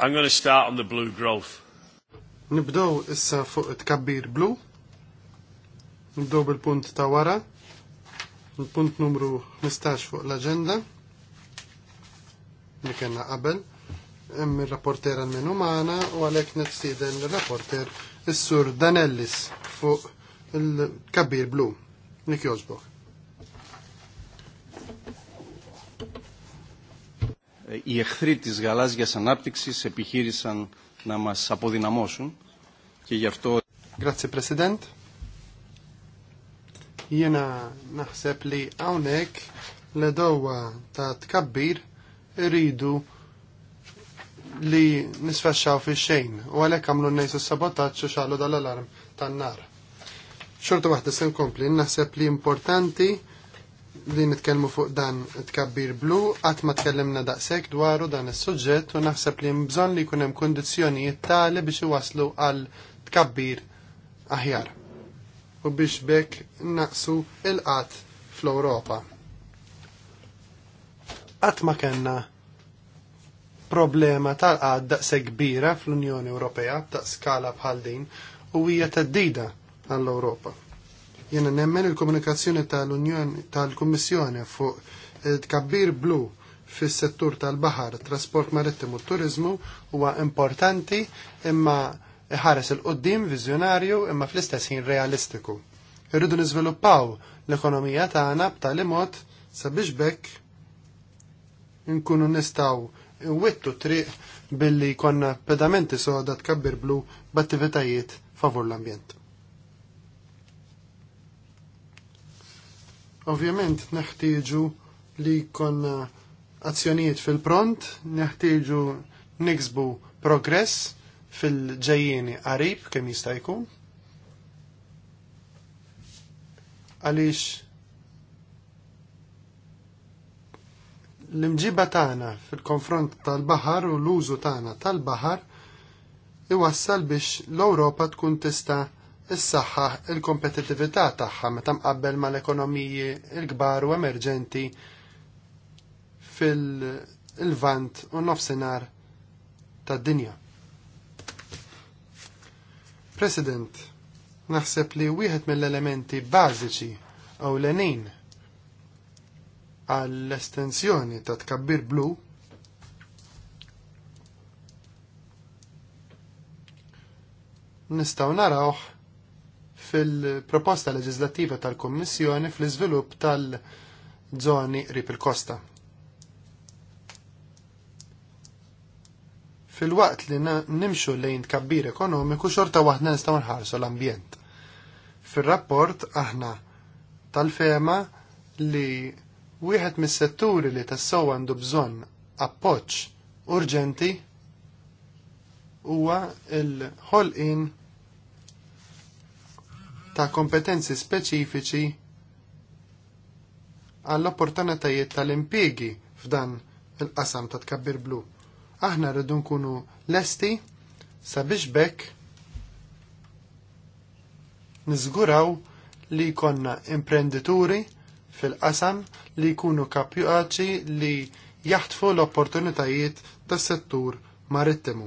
I'm going to start on the blue growth. Nibdow issa fuq tkabbir blu. Nibdow bil-punt ta' wara. Il-punt numru 15 fuq l-agenda li kena qabel. il rapporter għal-menu maħna u għalek nitsiden il rapporter il-sur Danellis fuq il-kabbir blu. Nik οι εχθροί της γαλάζιας ανάπτυξης επιχείρησαν να μας αποδυναμώσουν και γι' αυτό... Grazie President. Jena naħseb li hawnhekk l dowa ta' tkabbir iridu li nisfaxxaw fi xejn u għalhekk għamlu nnejsu sabotaġġ u xallu dal-alarm tan-nar. Xorta waħda se nkompli naħseb li importanti li nitkellmu fuq dan tkabbir blu, qatt ma tkellimna daqshekk dwaru dan is-suġġett u naħseb li hemm bżonn li jkun hemm kundizzjonijiet tali biex iwasslu għal tkabbir aħjar. U biex bekk naqsu il-qatt fl-Ewropa. Qatt ma kellna problema tal-qatt daqshekk kbira fl-Unjoni Ewropea ta' skala bħal din u hija teddida għall-Ewropa. Jena nemmen il-komunikazzjoni tal-Unjoni tal-Kummissjoni fuq eh, tkabbir blu fis-settur tal-baħar, trasport marittimu u turizmu huwa importanti imma ħares il-qoddim viżjonarju imma fl-istess ħin realistiku. Irridu niżviluppaw l-ekonomija tagħna b'tali mod sabiex bekk nkunu nistgħu nwittu triq billi konna pedamenti soda tkabbir blu b'attivitajiet favur l-ambjent. Ovvjament neħtieġu li konna azzjonijiet fil-pront, neħtieġu niksbu progress fil-ġejjieni qarib kemm jista' jkun. Għaliex l-imġiba tagħna fil-konfront tal-baħar u l-użu tagħna tal-baħar iwassal biex l-Ewropa tkun tista' Is-saħħa il-kompetittività tagħha meta mqabbel mal-ekonomiji l-kbar u emerġenti fil-vant u nofsinhar tad-dinja. President, naħseb li wieħed mill-elementi bażiċi ewlenin l-enin għall-estensjoni ta' tkabbir blu nistaw narawh fil-proposta leġislattiva tal-Kommissjoni fl-iżvilupp tal-żoni qrib il-kosta. Fil-waqt li nimxu lejn kabbir ekonomiku xorta waħda nistgħu nħarsu l-ambjent. Fil-rapport aħna tal-fema li wieħed mis-setturi li tassew għandu bżonn appoġġ urġenti huwa l ħolqien ta' kompetenzi speċifiċi għall-opportunitajiet tal-impiegi f'dan il-qasam ta' tkabbir blu. Aħna rridu nkunu lesti sabiex bekk niżguraw li konna imprendituri fil-qasam li jkunu kapjuqaċi li jaħtfu l-opportunitajiet tas settur marittimu.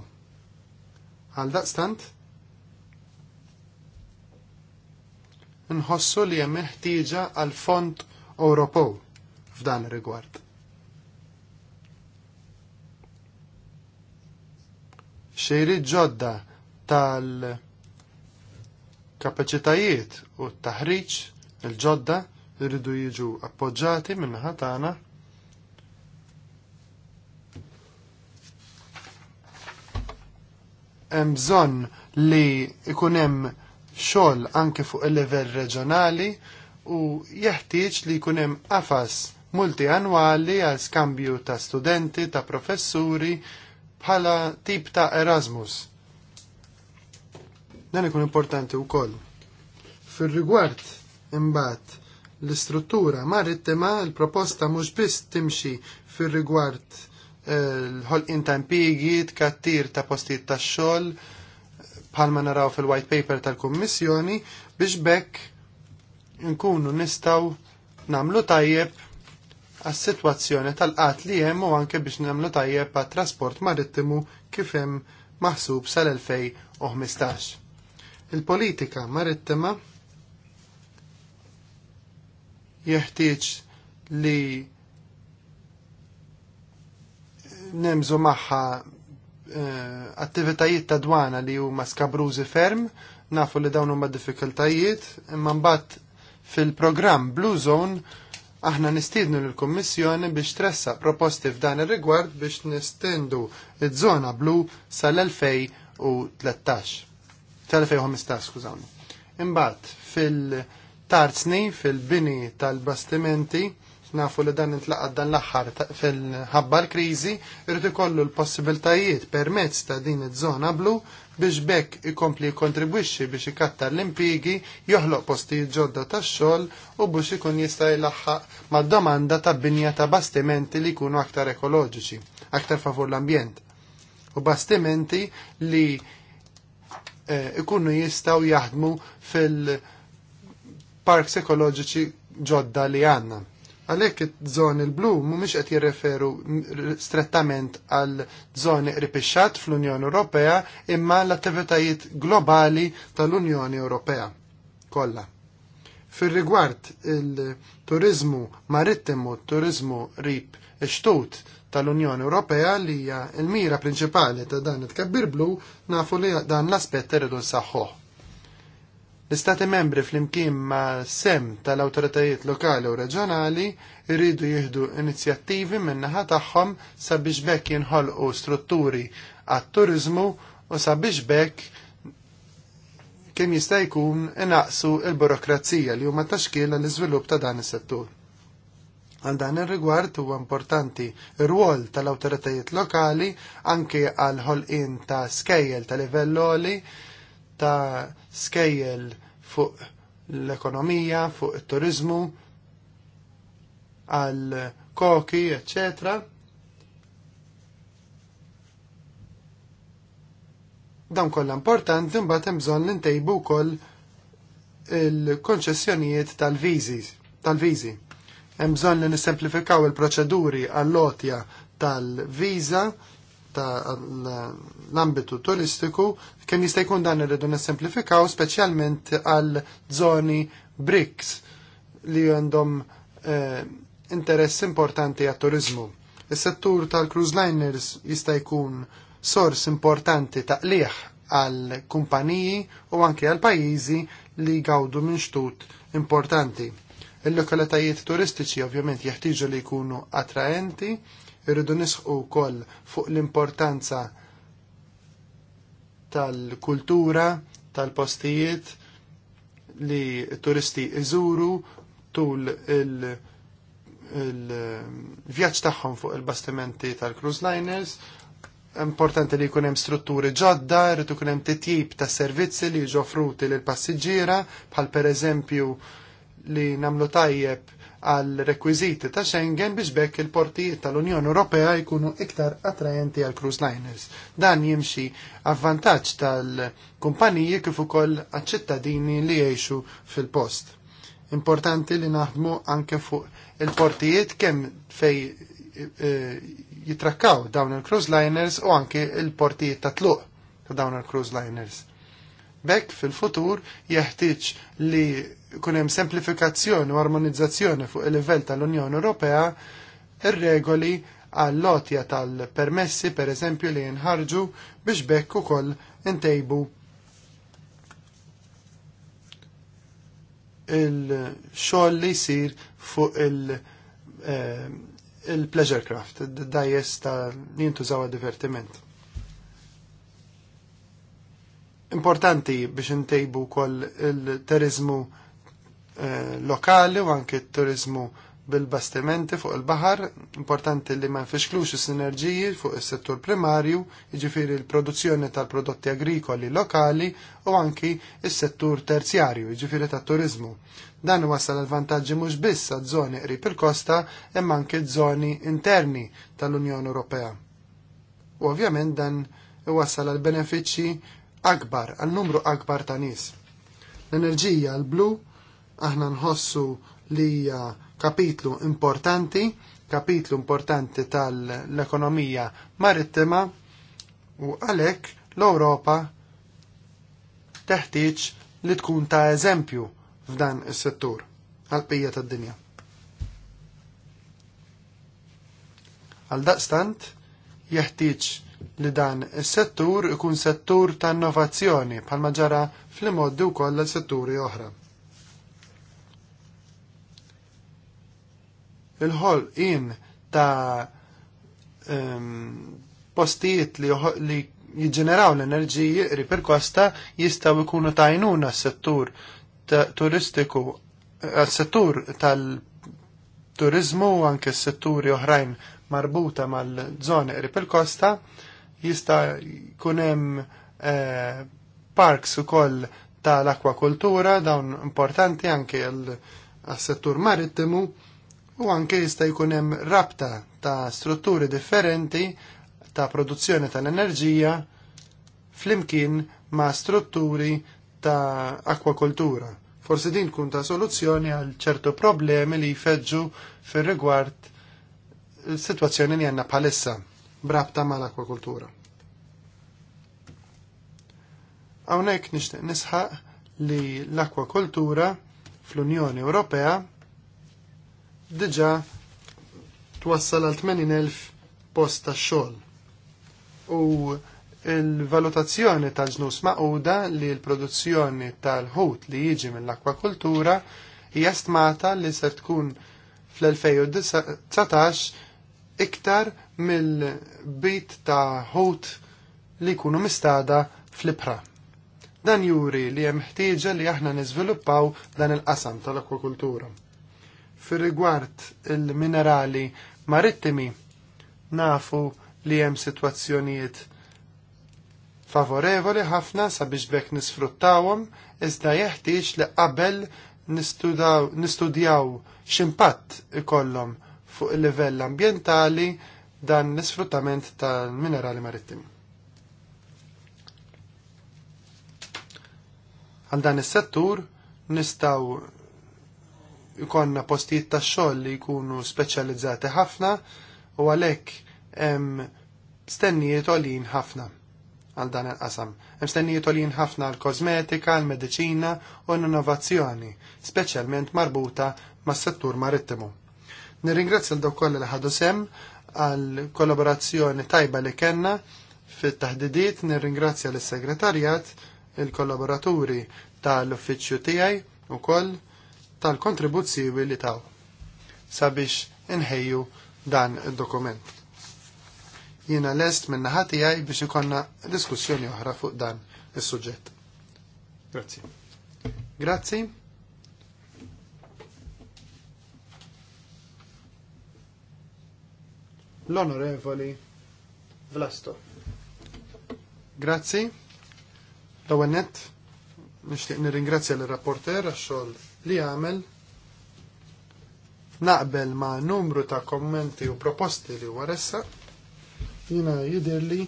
Għal daqstant, nħossu li hemm ħtieġa għal fond Ewropew f'dan ir-rigward. Xejri ġodda tal-kapaċitajiet u t-taħriġ il-ġodda rridu jiġu appoġġati minn tagħna hemm bżonn li ikun hemm xogħol anke fuq il-livell reġjonali u jeħtieġ li jkun hemm qafas multianwali għal skambju ta' studenti, ta' professuri bħala tip ta' Erasmus. Dan ikun importanti wkoll. Fir-rigward imbagħad l-istruttura marittima l-proposta mhux biss timxi fir-rigward eh, l-ħolqien ta' impigi, tkattir ta' postijiet tax-xogħol, bħalma naraw fil-white paper tal-Kummissjoni biex bekk nkunu nistaw namlu tajjeb għas sitwazzjoni tal-qat li hemm u anke biex namlu tajjeb għat trasport marittimu kif hemm maħsub sal-2015. Il-politika marittima jeħtieġ li nemżu maħħa Eh, attivitajiet ta' dwana li huma skabrużi ferm, nafu li dawn huma diffikultajiet, imma mbagħad fil-programm Blue Zone aħna nistiednu l-Kommissjoni biex tressa proposti f'dan ir-rigward biex nistendu iż-żona blu sal-2013. Tal-2015, skużawni. Imbagħad fil-tarzni fil-bini tal-bastimenti nafu li dan intlaqad dan l-aħħar fil-ħabba l-kriżi, irrid ikollu l-possibiltajiet permezz ta' din iż-żona blu biex bekk ikompli jikkontribwixxi biex ikattar l-impigi, joħloq postijiet ġodda tax-xogħol u biex ikun jista' jilaħħaq mad-domanda ta' binja ta' bastimenti li jkunu aktar ekoloġiċi, aktar favur l-ambjent. U bastimenti li eh, ikunu jistgħu jistaw jaħdmu fil-parks ekoloġiċi ġodda li għanna. Għalhekk iż-żoni l-blu mhumiex qed jirreferu strettament għal żoni ripixxat fl-Unjoni Ewropea imma l-attivitajiet globali tal-Unjoni Ewropea kollha. Fir-rigward il-turizmu marittimu, turizmu rib ixtut tal-Unjoni Ewropea li hija l-mira prinċipali ta' dan it-kabbir blu nafu li dan l-aspett irridu nsaħħuh L-Istati membri fl-imkien ma' sem tal-autoritajiet lokali u reġjonali rridu jihdu inizjattivi minnaħa tagħhom sabiex bekk jinħolqu strutturi għat-turizmu u sabiex bekk kien jista' jkun inaqsu l-burokrazija li huma taxkil l iżvilupp ta' dan is-settur. Għal dan ir-rigward huwa importanti r-rwol tal-awtoritajiet lokali anke għal ħolqien ta' skejjel ta' livell oli ta' skejjel fuq l-ekonomija, fuq it-turizmu, għal koki, etc. Dan kollha importanti mbagħad hemm bżonn nintejbu wkoll il-konċessjonijiet tal-viżi tal-viżi. Hemm bżonn li nisemplifikaw il-proċeduri għall-lotja tal-viża ta' l-ambitu turistiku kemm jista' jkun dan irridu nissimplifikaw speċjalment għal żoni BRICS li għandhom eh, interess importanti għat turizmu. Is-settur tal-cruise liners jista' jkun sors importanti ta' liħ għal kumpaniji u anke għal pajjiżi li gawdu minn xtut importanti. Il-lokalitajiet turistiċi ovvjament jeħtieġu li jkunu attraenti, Irridu nisħu wkoll fuq l-importanza tal-kultura, tal-postijiet li turisti iżuru tul il-vjaġġ tagħhom fuq il-bastimenti tal-cruise liners. Importanti li jkun hemm strutturi ġodda, irid ikun hemm titjib ta' servizzi li jiġu offruti lil passiġġiera bħal pereżempju li namlu tajjeb għal rekwiżiti ta' Schengen biex bekk il-portijiet tal-Unjoni Ewropea jkunu iktar attrajenti għal cruise liners. Dan jimxi avvantaġġ tal-kumpaniji kif ukoll għaċ-ċittadini li jgħixu fil-post. Importanti li naħdmu anke fuq il-portijiet kemm fej eh, jitrakkaw dawn il-cruise liners u anke il-portijiet ta' tluq ta' dawn il-cruise liners. Bekk fil-futur jeħtieġ li kun hemm semplifikazzjoni u armonizzazzjoni fuq il-livell tal-Unjoni Ewropea ir-regoli għall lotja tal-permessi per eżempju li jinħarġu biex bekk ukoll intejbu il-xogħol li jsir fuq il- eh, il-pleasure craft, dajes ta' jintużaw divertiment. Importanti biex intejbu kol il-terizmu Eh, lokali u anke t-turizmu bil-bastimenti fuq il-bahar, importanti li ma nfixklux is-sinerġiji fuq is-settur primarju, jiġifieri l-produzzjoni tal-prodotti agrikoli lokali u anki is-settur terzjarju, jiġifieri tat-turizmu. Dan wasal l-vantaġġi mhux biss għad żoni qrib il-kosta imma anke żoni interni tal-Unjoni Ewropea. U ovvjament dan iwassal għal benefiċċji akbar, għal numru akbar ta' nies. L-enerġija l-blu aħna nħossu li hija kapitlu importanti, kapitlu importanti tal-ekonomija marittima u għalhekk l-Ewropa teħtieġ li tkun ta' eżempju f'dan is-settur għal pija tad-dinja. Għal daqstant, jeħtieġ li dan is-settur ikun settur ta' innovazzjoni bħalma ġara fl moddu wkoll settur setturi oħra. il-ħol in ta' um, postijiet li, li jiġġeneraw l-enerġiji kosta jistaw ikunu tajnuna s-settur ta turistiku, eh, s-settur tal-turizmu u anke s-setturi oħrajn marbuta mal per kosta jista kunem eh, parks u koll tal-akwakultura dawn importanti anke l settur marittimu u anke jista' jkun hemm rabta ta' strutturi differenti ta' produzzjoni tal-enerġija flimkien ma' strutturi ta' akwakultura. Forsi din tkun ta' soluzzjoni għal ċertu problemi li jfeġġu fir rigward il-situazzjoni li għanna palissa brabta mal akwakultura Hawnhekk nixtieq nisħaq li l-akwakultura fl-Unjoni Ewropea diġa twassal għal 80.000 post ta' xogħol. U il-valutazzjoni tal-ġnus maquda li l-produzzjoni tal-ħut li jiġi mill-akwakultura hija stmata li ser tkun fl-2019 iktar mill-bit ta' ħut li jkunu mistada fl-ibra. Dan juri li hemm li aħna niżviluppaw dan il-qasam tal-akwakultura fir rigward il-minerali marittimi nafu li hemm sitwazzjonijiet favorevoli ħafna sabiex bekk nisfruttawhom iżda jeħtieġ li qabel nistudjaw x'impatt ikollhom fuq il-livell ambjentali dan l-isfruttament tal-minerali marittimi. Għal dan is-settur nistgħu ikonna postijiet ta' xogħol li jkunu speċjalizzati ħafna u għalhekk hemm stennijiet għolin ħafna għal dan il-qasam. Hemm stennijiet għolin ħafna għal kosmetika, għal mediċina u l-innovazzjoni, speċjalment marbuta mas-settur marittimu. Nirringrazzja l-daw kollha li ħadu sem għal kollaborazzjoni tajba li kenna fit-taħdidiet, nirringrazzja l-segretarjat, il-kollaboraturi tal-uffiċċju tiegħi wkoll tal-kontribuzzjiwi li taw sabiex inħejju dan id-dokument. Jiena lest minn naħati għaj biex ikonna diskussjoni oħra fuq dan is-suġġett. Grazzi. Grazzi. L-onorevoli Vlasto. Grazzi. Dawennet, nishtiq nirringrazzja l-rapporter għax xogħol li għamel naqbel ma' numru ta' kommenti u proposti li waressa jina jidirli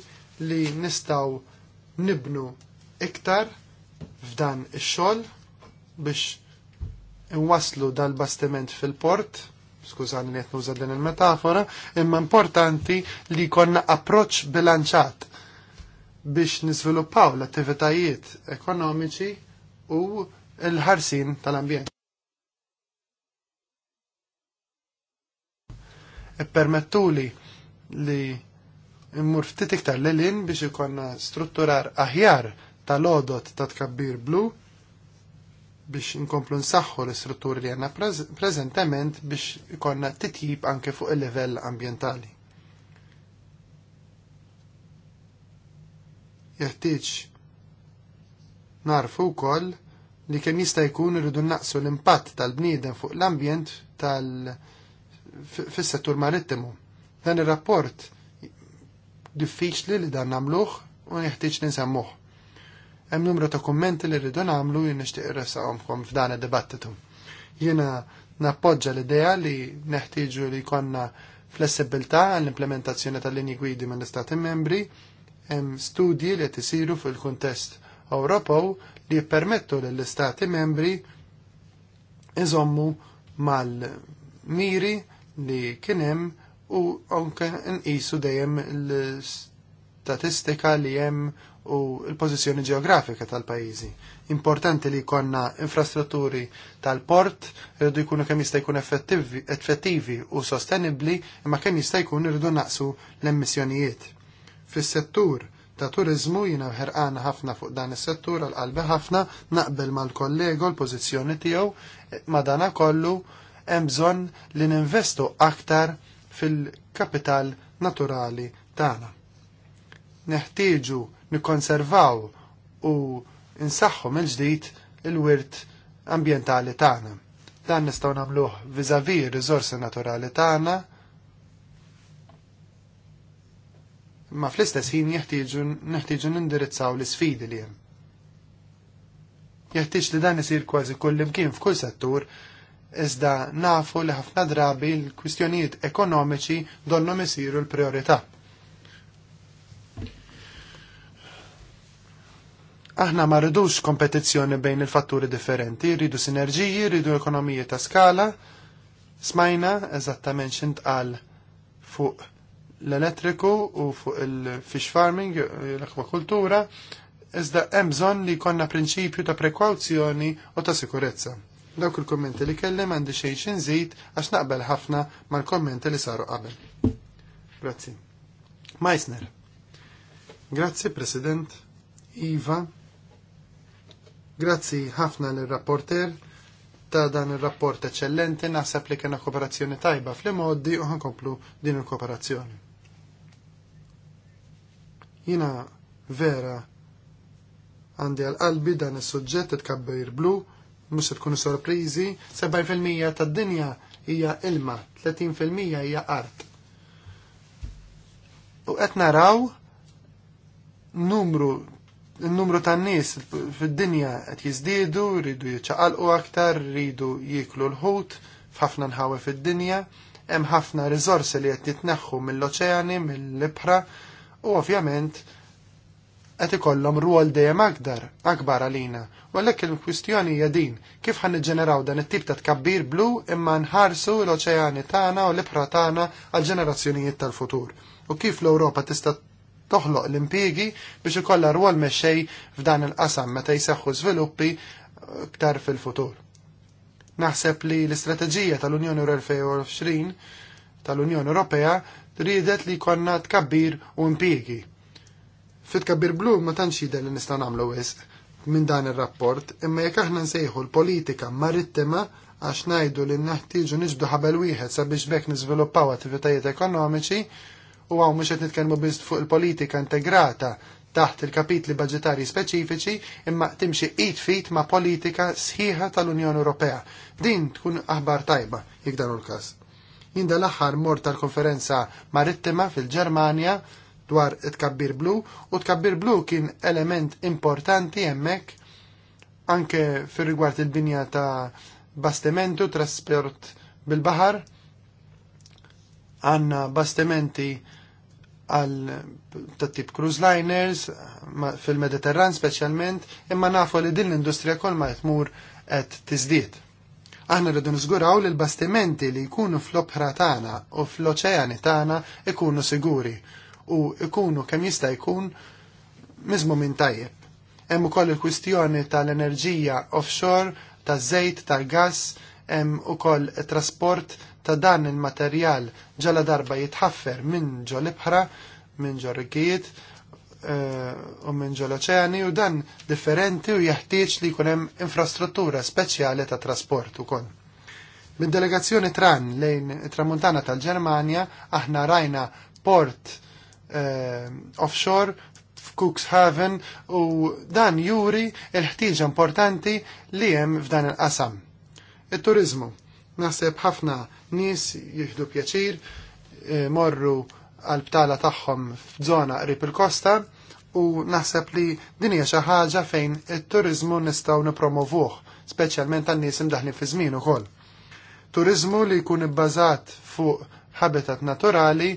li nistaw nibnu iktar f'dan ix-xogħol biex nwaslu dal-bastiment fil-port, skużani li jtnu din il-metafora, imma importanti li jkollna approċċ bilanċat biex niżviluppaw l-attivitajiet ekonomiċi u l-ħarsin tal-ambjent. Ippermettuli li immur ftit iktar lilin biex ikonna strutturar aħjar tal-odot ta' tkabbir blu biex inkomplu nsaħħu l-istrutturi li għanna preżentament biex ikonna titjib anke fuq il-level ambientali. Jeħtieġ Narfu wkoll li kemm jista' jkun irridu naqsu l-impatt tal-bniedem fuq l-ambjent tal fis-settur marittimu. Dan ir-rapport diffiċli li dan nagħmluh u neħtieġ li nsemmuh. Hemm numru ta' kummenti li rridu nagħmlu jien nixtieq irresaqhomkom f'dan id-dibattitu. Jiena nappoġġa l-idea li neħtieġu li jkollna flessibilità għall-implementazzjoni tal-linji gwidi mill-Istati membri hemm studji li qed isiru fil-kuntest Ewropew li jippermettu lill-Istati membri iżommu mal-miri li kien hemm u anke nqisu dejjem l-statistika li hemm u l-pożizzjoni ġeografika tal-pajjiżi. Importanti li jkollna infrastrutturi tal-port irridu jkunu kemm jista' jkun effettivi u sostenibbli imma kemm jista' jkun irridu naqsu l-emissjonijiet. Fis-settur ta' turizmu jina ħerqana ħafna fuq dan is-settur għal-qalbi ħafna naqbel mal kollegu l-pożizzjoni tiegħu e, dana kollu hemm bżonn li ninvestu aktar fil-kapital naturali tagħna. Neħtieġu nikkonservaw u insaħħu mill-ġdid il-wirt ambjentali tagħna. Dan nistgħu nagħmluh viżavi r-riżorsi naturali tagħna ma fl-istess ħin jeħtieġu nindirizzaw l isfidi li hemm. Jeħtieġ li dan isir kważi kull imkien f'kull settur iżda nafu li ħafna drabi l-kwistjonijiet ekonomiċi donnom isiru l-priorità. Aħna ma rridux kompetizzjoni bejn il-fatturi differenti, rridu sinerġiji, rridu ekonomiji ta' skala, smajna eżattament x'intqal fuq l-elettriku u fuq il-fish farming, l-akwakultura, iżda hemm bżonn li jkollna prinċipju ta' prekwawzjoni u ta' sikurezza. Dawk il-kommenti li kellem għandi xejn nżid għax naqbel ħafna mal-kommenti li saru qabel. Grazzi. Meissner. Grazzi, President. Iva. Grazzi ħafna l-rapporter ta' dan il-rapport eccellenti naħseb li kena kooperazzjoni tajba fl-modi u ħankomplu din il-kooperazzjoni. Jina vera għandi għal-qalbi dan is-suġġett tkabbir blu, mhux se tkunu sorpriżi, 70% tad-dinja hija ilma, 30% hija art. U qed naraw numru numru ta' nies fid-dinja qed jiżdiedu, rridu jiċċaqalqu aktar, rridu jiklu l-ħut f'ħafna nħawe fid-dinja, hemm ħafna riżorsi li qed jitneħħu mill-oċeani, mill-ibħra, mill oċeani mill libra u ovvjament qed ikollhom rwol dejjem aktar akbar għalina. U għalhekk il-kwistjoni hija din kif ħan niġġeneraw dan it-tip ta' tkabbir blu imma nħarsu l-oċeani tagħna u l-ibħra tagħna għall ġenerazzjonijiet tal-futur. U kif l-Ewropa tista' toħloq l-impjiegi biex ikollha rwol mexxej f'dan il-qasam meta jseħħu żviluppi ktar fil-futur. Naħseb li l-istrateġija tal-Unjoni 2020 tal-Unjoni Ewropea ridet li konna tkabbir u impirgi. Fit kabbir blu ma tantx jidher li nista' nagħmlu wisq minn dan ir-rapport, imma jekk aħna nsejħu l-politika marittima għax ngħidu li naħtieġu niġbdu ħabel wieħed sabiex bekk niżviluppaw attivitajiet ekonomiċi u għaw mhux qed nitkellmu biss fuq il-politika integrata taħt il-kapitli budgetari speċifiċi imma timxi id fit ma' politika sħiħa tal-Unjoni Ewropea. Din tkun aħbar tajba, jekk dan l-każ. Jien l-aħħar mor tal-konferenza marittima fil-Ġermanja dwar it-kabbir blu u tkabbir blu kien element importanti hemmhekk anke fir rigward il-binja ta' bastimentu, trasport bil-bahar, għanna bastimenti għal ta' tip cruise liners fil-Mediterran specialment, imma nafu li din l-industrija kol ma jtmur qed tiżdied. Aħna rridu nżguraw li l-bastimenti li jkunu fl-opra tagħna u fl-oċeani tagħna ikunu siguri u ikunu kemm jista' jkun miżmu minn tajjeb. Hemm ukoll il-kwistjoni tal-enerġija offshore, taż-żejt, tal-gass, hemm ukoll trasport ta' dan il-materjal ġala darba jitħaffer minn ġol ibħra minn ġol rikijiet, Eh, u minn ġol-oċeani u dan differenti u jeħtieġ li jkun hemm infrastruttura speċjali ta' trasport ukoll. Min delegazzjoni Tran lejn tramuntana tal-Ġermanja aħna rajna port eh, offshore f'Cookshaven u dan juri il ħtieġ importanti li hemm f'dan il-qasam. It-turizmu. Naseb ħafna nies jieħdu pjaċir, eh, morru għal-btala tagħhom f'żona qrib il-kosta u naħseb li din hija xi ħaġa fejn it-turizmu nistgħu nippromovuh, speċjalment għan-nies imdaħni fi żmien ukoll. Turizmu li jkun ibbażat fuq habitat naturali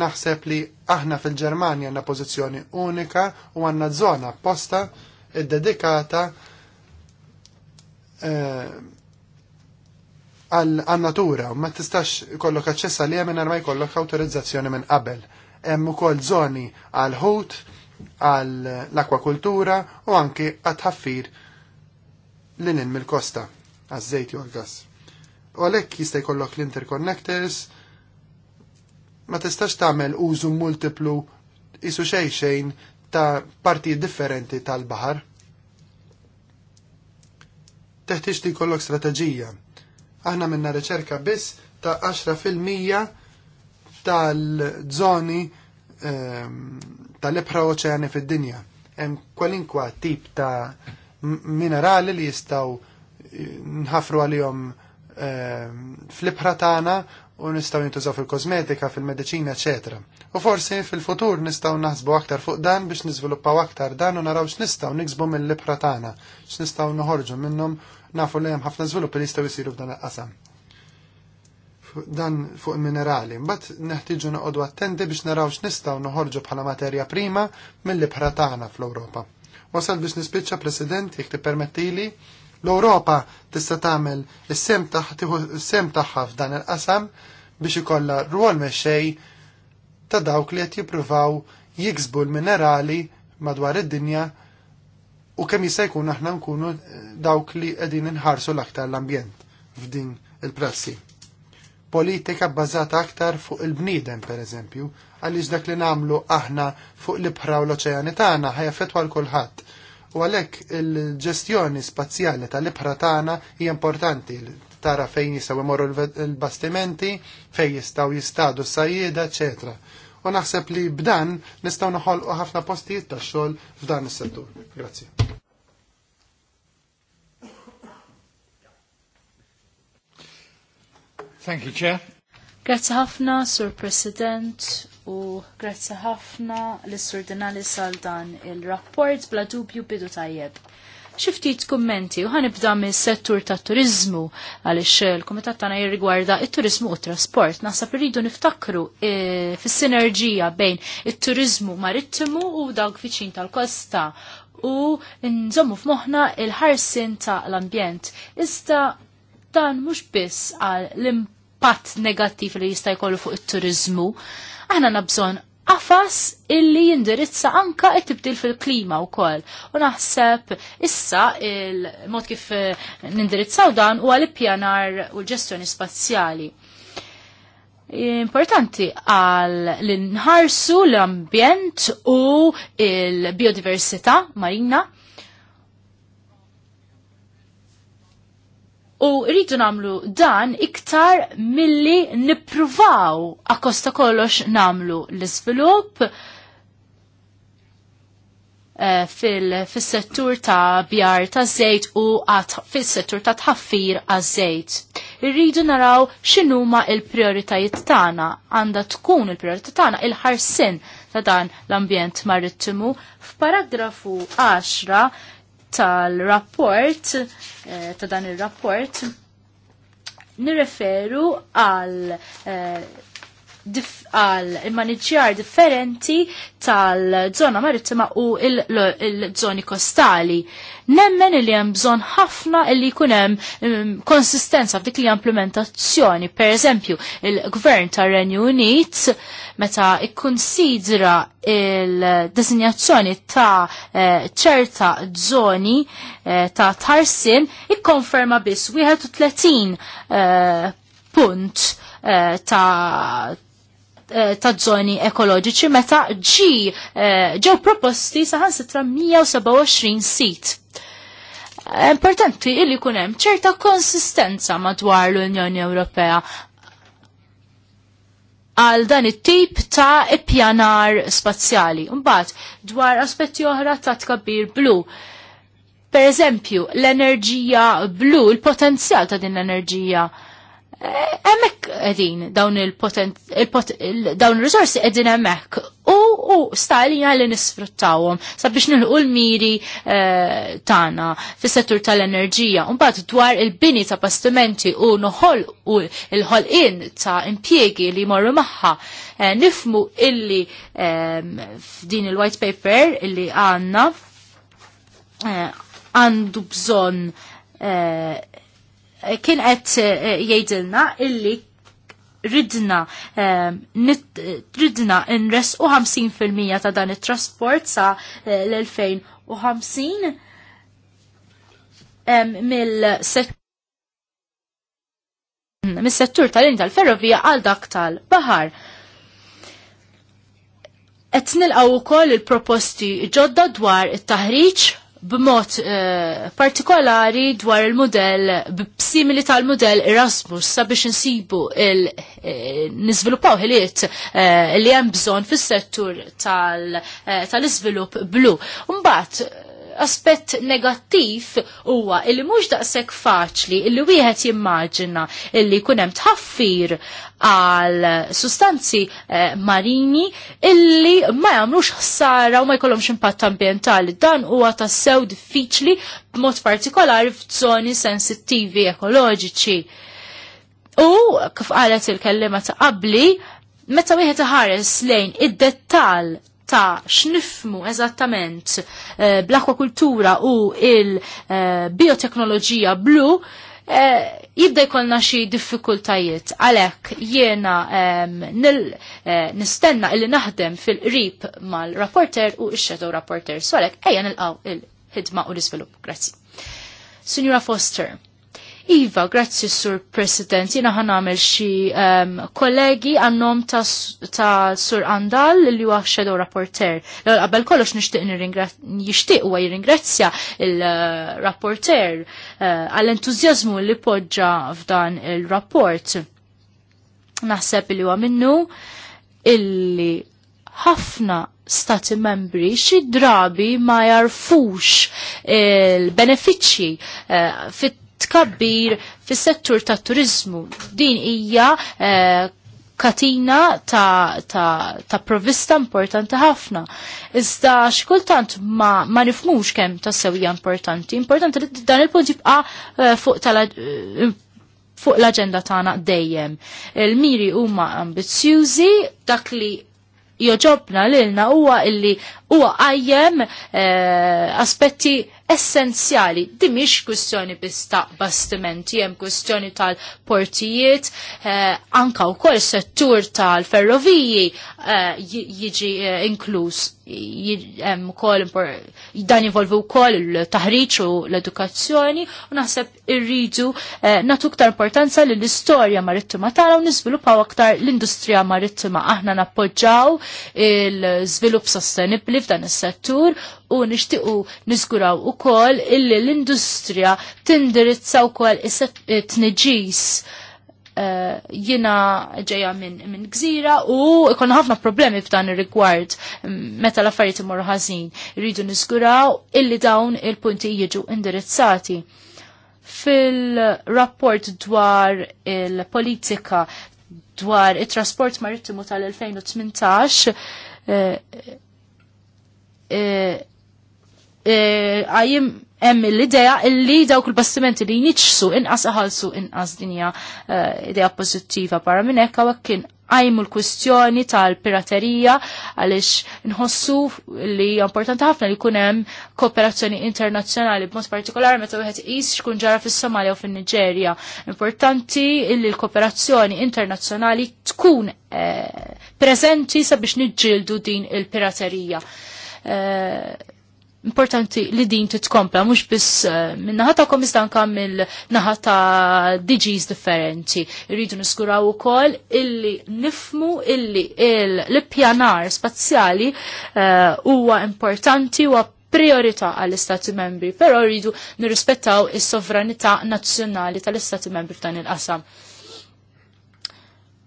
naħseb li aħna fil-Ġermanja għandna pożizzjoni unika u għandna żona apposta id-dedikata eh, għal-natura, ma tistax kollok aċċess li minn ma jkollok autorizzazzjoni minn qabel. Hemm ukoll zoni għal-ħut, għal-akwakultura u anke għat-ħaffir l nin mil kosta għaż-żejt u għal-gas. U għalhekk jista' jkollok l-interconnectors, ma tistax tagħmel użu multiplu isu xejn ta' parti differenti tal-baħar. Teħtiex li jkollok strateġija Aħna minna riċerka biss ta' 10% tal-żoni ehm, tal-ebħra oċeani fid-dinja. Hemm kwalinkwa tip ta' minerali li jistaw eh, nħafru għalihom ehm, fl-ibħra tagħna u nistaw jintużaw fil-kosmetika, fil-medicina, etc. U forsi fil-futur nistaw naħsbu aktar fuq dan biex niżviluppaw aktar dan u naraw x'nistgħu niksbu mill-libra tagħna, x'nistgħu noħorġu minnhom nafu li hemm ħafna żvilupp li jistgħu jsiru f'dan il-qasam. Dan fuq il-minerali. Mbagħad neħtieġu noqogħdu attenti biex naraw x'nistgħu noħorġu bħala materja prima mill-libħra tagħna fl-Ewropa. Wasal biex nispiċċa President jekk tippermettili l-Ewropa tista' tagħmel is-sem sem tagħha f'dan il-qasam biex ikollha rwol mexxej ta' dawk li qed jippruvaw jiksbu l-minerali madwar id-dinja u kemm jista' aħna nkunu eh, dawk li qegħdin inħarsu l-aktar l-ambjent f'din il-prassi. Politika bbażata aktar fuq il-bniedem pereżempju, għaliex dak li nagħmlu aħna fuq l-ibħra u l-oċeani tagħna ħajaffettwa l kulħadd. U għalhekk il-ġestjoni spazjali tal-ibħra tagħna hija importanti tara fejn jistgħu jmorru l-bastimenti, fejn jistgħu jistadu s-sajjieda, eċetera u naħseb li b'dan nistgħu noħolqu ħafna postijiet tax-xogħol f'dan is-settur. Grazzi. Thank you, Chair. Grazzi ħafna, Sur President, u grazzi ħafna l-Sur Denali sal dan il-rapport bla dubju bidu tajjeb xiftit kummenti u ħanibda mis settur ta' turizmu għalix l-komitat tana jirrigwarda il-turizmu u trasport. Nasab rridu niftakru e, fis sinerġija bejn il-turizmu marittimu u dawk viċin tal-kosta u nżommu f'moħna il-ħarsin ta' l-ambjent. Iżda dan mhux biss għal l-impatt negattiv li jista' jkollu fuq it-turizmu. Aħna nabżon għafas illi jindirizza anka qed tibdil fil-klima wkoll. U naħseb issa il-mod kif eh, nindirizzaw dan huwa l-ippjanar u l-ġestjoni spazjali. Importanti għal l-inħarsu l-ambjent u l biodiversità marina U rridu namlu dan iktar milli nipruvaw akosta kollox namlu l-izvilup eh, fil-settur ta' bjar ta' zejt u fil-settur ta' tħaffir għaz zejt. Irridu naraw x'inhuma il-prioritajiet tagħna għandha tkun il-priorità tagħna il-ħarsin ta' dan l-ambjent marittimu. F'paragrafu 10 tal-rapport, eh, ta' dan il-rapport, nirreferu għal eh, għal maniġjar differenti tal-żona marittima u il-żoni kostali. Nemmen li hemm bżonn ħafna li jkun hemm mm, konsistenza f'dik li implementazzjoni. Per eżempju, il-Gvern tar renju Unit meta ikkunsidra il-designazzjoni ta' eh, ċerta zoni eh, ta' tarsin ikkonferma biss 31 eh, punt ta' Eh, ta' zoni ekoloġiċi meta ġi eh, ġew proposti saħansitra 127 sit. Importanti illi kunem ċerta konsistenza madwar l-Unjoni Ewropea għal dan it-tip ta' ippjanar spazjali. Mbagħad dwar aspetti oħra ta' tkabbir blu. Per eżempju, l-enerġija blu, il-potenzjal ta' din l-enerġija emmek edin dawn il-potent, dawn il-rizorsi edin emmek u, u stajlina li nisfruttawom sabiex nilqu l-miri uh, eh, tana fis settur tal-enerġija un bat dwar il-bini ta' bastimenti u noħol u il in ta' impiegi li morru maħħa uh, eh, nifmu illi din ehm, f'din il-white paper illi għanna eh, għandu bżon kien qed eh, eh, jgħidilna illi ridna eh, ridna nres u 50% ta' dan it-trasport sa l-2050 mill-settur tal-in tal-ferrovija għal dak tal-bahar. Et nilqaw ukoll il-proposti ġodda dwar it-taħriġ b'mod uh, partikolari dwar il-modell b'simili tal-modell Erasmus sabiex insibu il-nizviluppaw eh, ħiliet uh, li hemm bżonn fis-settur tal-iżvilupp uh, tal blu. Mbagħad aspett negattiv huwa illi mhux daqshekk faċli illi wieħed jimmaġina illi jkun hemm tħaffir għal sustanzi eh, marini illi ma jagħmlux ħsara u ma jkollhomx impatt ambjentali. Dan huwa tassew diffiċli b'mod partikolari f'żoni sensittivi ekoloġiċi. U kif qalet il-kellima ta' qabli, meta wieħed iħares lejn id-dettall ta' x'nifmu eżattament eh, bl-akwakultura u il-bioteknoloġija eh, blu eh, jibda jkollna xi diffikultajiet għalhekk jiena eh, nistenna illi naħdem fil-qrib mal-rapporter u x-shadow rapporter. So għalhekk ejja nilqgħu il-ħidma u l-iżvilupp. Grazzi. Signora Foster. Iva, grazzi Sur President, jina ħan għamil xi um, kollegi għannom ta, ta, Sur Andal li huwa Shadow Rapporter. Qabel kollox nixtieq jixtieq huwa jirringrazzja il-rapporter uh, uh, għall-entużjażmu li poġġa f'dan il-rapport. Naħseb li huwa minnu illi ħafna stati membri xi drabi ma jarfux il-benefiċċji uh, fit tkabbir fis-settur tat-turizmu. Din hija eh, katina ta', ta, ta provvista importanti ħafna. Iżda xkultant ma, ma nifmux kemm ta' sewija importanti. Importanti li dan il-punt jibqa eh, fuq tal eh, fuq l-agenda tagħna dejjem. Il-miri huma ambizzjużi, dak li joġobna lilna huwa illi huwa qajjem aspetti essenzjali. di miex kustjoni ta' bastimenti, hemm kustjoni tal-portijiet, eh, anka wkoll settur tal-ferroviji eh, jiġi eh, inkluż dan involvu kol il-taħriċ u l-edukazzjoni u naħseb irridu eh, natu ktar importanza l istorja marittima tara u nizvilupaw aktar l-industrija marittima. Aħna nappoġġaw il-zvilup sostenibli f'dan is-settur u nixtiqu niżguraw ukoll illi l-industrija tindirizza wkoll is-tniġis Eh, jina ġeja minn min gżira u ikon ħafna problemi f'dan ir-rigward mm, meta l-affarijiet imorru ħażin. Irridu niżguraw illi dawn il-punti jiġu indirizzati. Fil-rapport dwar il-politika dwar it-trasport marittimu tal-2018 eh, eh, għajim hemm l-idea illi dawk il-bastimenti li jniċsu inqas ħalsu inqas dinja eh, idea pożittiva barra minn hekk hawnhekk kien għajmu l-kwistjoni tal-piraterija għalix nħossu li importanti ħafna li kunem kooperazzjoni internazzjonali b'mod partikolari meta wieħed qis xkun ġara fis-Somalja u fin-Niġerja. Importanti li l-kooperazzjoni internazzjonali tkun eh, prezenti sabiex niġġieldu din il-piraterija. Eh, importanti li din titkompla, mux biss eh, minnaħa ta' komistan mill-naħa ta' DGs differenti. Rridu niskuraw u kol illi nifmu illi l-pjanar spazjali eh, huwa importanti u priorità għall-Istati membri, pero rridu nirrispettaw is sovranità nazzjonali tal-Istati membri f'dan il-qasam.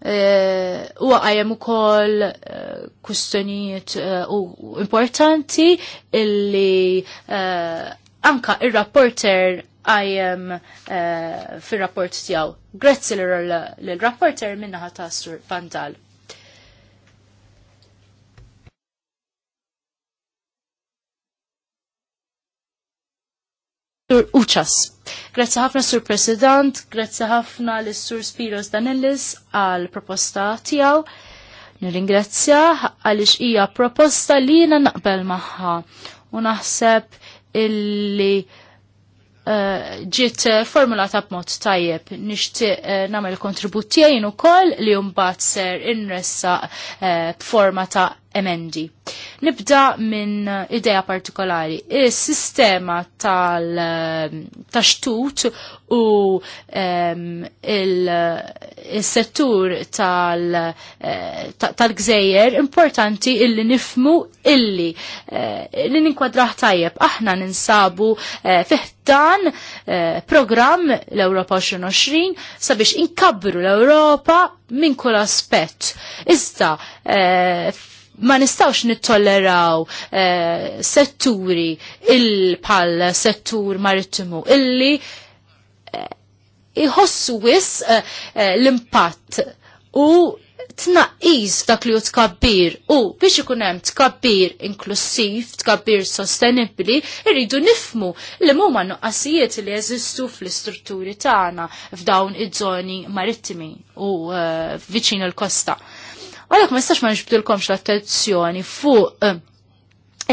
Eh, u għajem u koll eh, kustonijiet eh, u importanti illi anka il-rapporter għajem fil-rapport tijaw. Grazzi l-rapporter minna ħata pantal. Sur Uċas. Grazzi ħafna Sur President, grazzi ħafna lis sur Spiros Danellis għal proposta tiegħu. Nirringrazzja għaliex hija proposta li jiena naqbel magħha u naħseb illi eh, ġiet formulata b'mod tajjeb nixtieq namel eh, nagħmel kontribut tiegħi ukoll li mbagħad ser inressa eh, b'forma ta' emendi. Nibda minn uh, idea partikolari. Il-sistema tal-taxtut um, u um, uh, il-settur il uh, tal-gżejjer tal importanti illi nifmu illi uh, li ninkwadraħ tajjeb. Aħna ninsabu uh, dan uh, program l-Europa 2020 sabiex inkabru l-Europa minn kull aspett. Iżda uh, ma nistawx nittolleraw eh, setturi il-pal settur marittimu illi eh, iħossu wis eh, eh, l-impatt u tnaqqis f'dak li hu tkabbir u biex ikun hemm tkabbir inklusiv, tkabbir sostenibbli, irridu nifmu li huma nuqqasijiet li jeżistu fl-istrutturi tagħna f'dawn iż-żoni marittimi u uh, viċin il-kosta. Għalek ma jistax ma nġbdilkomx l-attenzjoni fuq eh,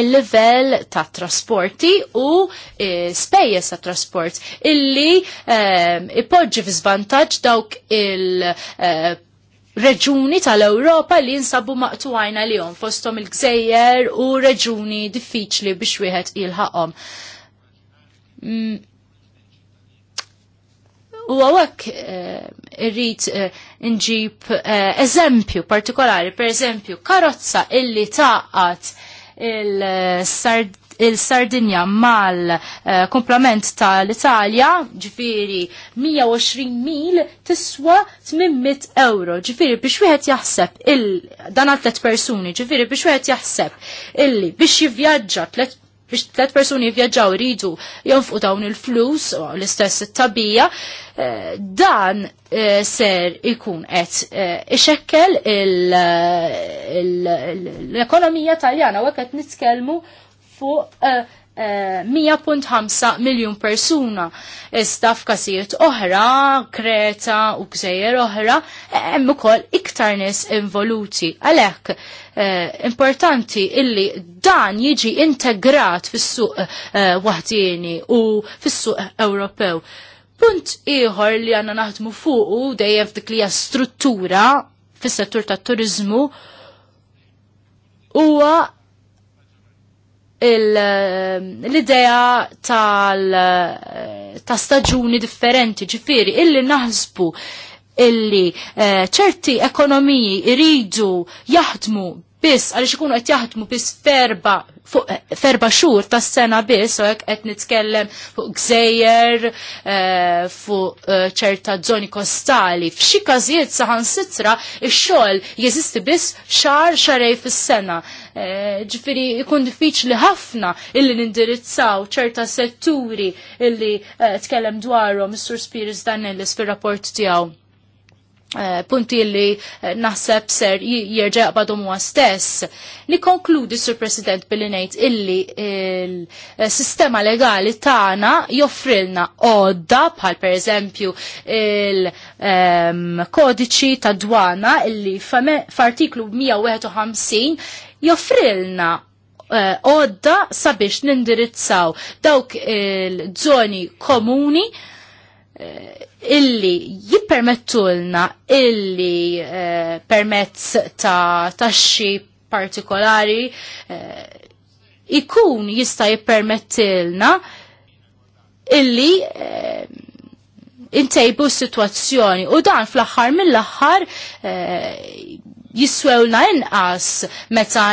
il-level ta' trasporti u spejjes eh, spejjeż ta' trasport illi eh, ipoġġi fi żvantaġġ dawk il- reġuni tal-Ewropa li jinsabu maqtuajna li jom fostom il-gżejjer u reġuni diffiċli biex wieħed ilħaqom. Mm, U għawak eh, irrit eh, nġib eh, eżempju partikolari, per eżempju, karozza illi taqqat il-Sardinja mal-komplement tal-Italja, ġifiri 120 mil tiswa 800 euro, ġifiri biex wieħed jaħseb il dan għal tlet persuni, ġifiri biex wieħed jaħseb illi biex jivvjaġġa tlet biex tlet persuni vjaġġaw iridu jonfqu dawn il-flus u l-istess it-tabija, dan ser ikun qed ixekkel l-ekonomija taljana u qed nitkellmu fuq 100.5 eh, miljon persuna. Ista f'kasijiet oħra, Kreta u gżejjer oħra, hemm ukoll iktar nies involuti. Għalhekk uh, importanti illi dan jiġi integrat fis-suq eh, waħdieni u fis-suq Ewropew. Punt ieħor li għanna naħdmu fuqu dejjem dik li struttura fis-settur tat-turizmu huwa Eh, l-idea tal eh, ta' staġuni differenti, ġifiri, illi naħsbu illi eh, ċerti ekonomiji iridu jaħdmu biss, għalix ikunu qed jaħdmu biss ferba fuq ferba xhur tas-sena biss u hekk qed nitkellem fuq gżejjer eh, fuq eh, ċerta zoni kostali. F'xi każijiet saħansitra ix-xogħol jeżisti biss xar xarej fis-sena. Eh, ġifieri jkun diffiċli ħafna illi nindirizzaw ċerta setturi illi tkellem dwarhom Mr. Spears Danellis fir-rapport tiegħu Eh, punti li eh, naħseb ser jirġaq jaqbadu muwa stess. konkludi, Sur President, billi ngħid illi il-sistema legali tagħna joffrilna odda bħal pereżempju il-kodiċi ehm, ta' dwana illi f'artiklu 151 joffrilna eh, odda sabiex nindirizzaw dawk il-żoni komuni illi jippermettulna illi eh, permezz ta' taxxi partikolari eh, ikun jista' jippermettilna illi eh, intejbu s-situazzjoni u dan fl aħħar mill-axħar eh, jiswewna inqas meta,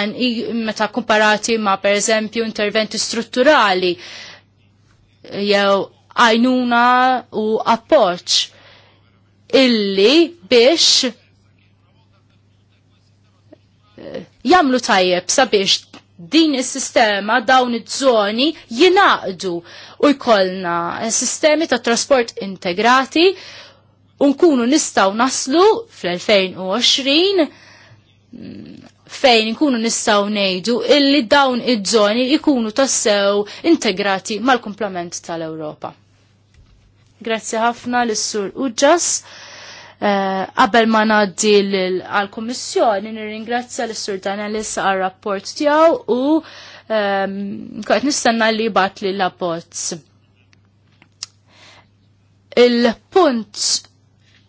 meta komparati ma' per eżempju interventi strutturali jew għajnuna u appoċ illi biex eh, jamlu tajjeb sabiex din is-sistema dawn iż-żoni jinaqdu u jkollna sistemi ta' trasport integrati u nkunu nistgħu naslu fl-2020 mm, fejn nkunu nistaw nejdu illi dawn id-żoni jkunu tassew integrati mal-komplement tal-Ewropa. Grazzi ħafna l-Sur Uġas. Eh, qabel ma naddi għal-Kommissjoni, nirringrazzja l-Sur Danelis għal-rapport tiegħu u ehm, kont nistenna li bat li l-abbozz. Il-punt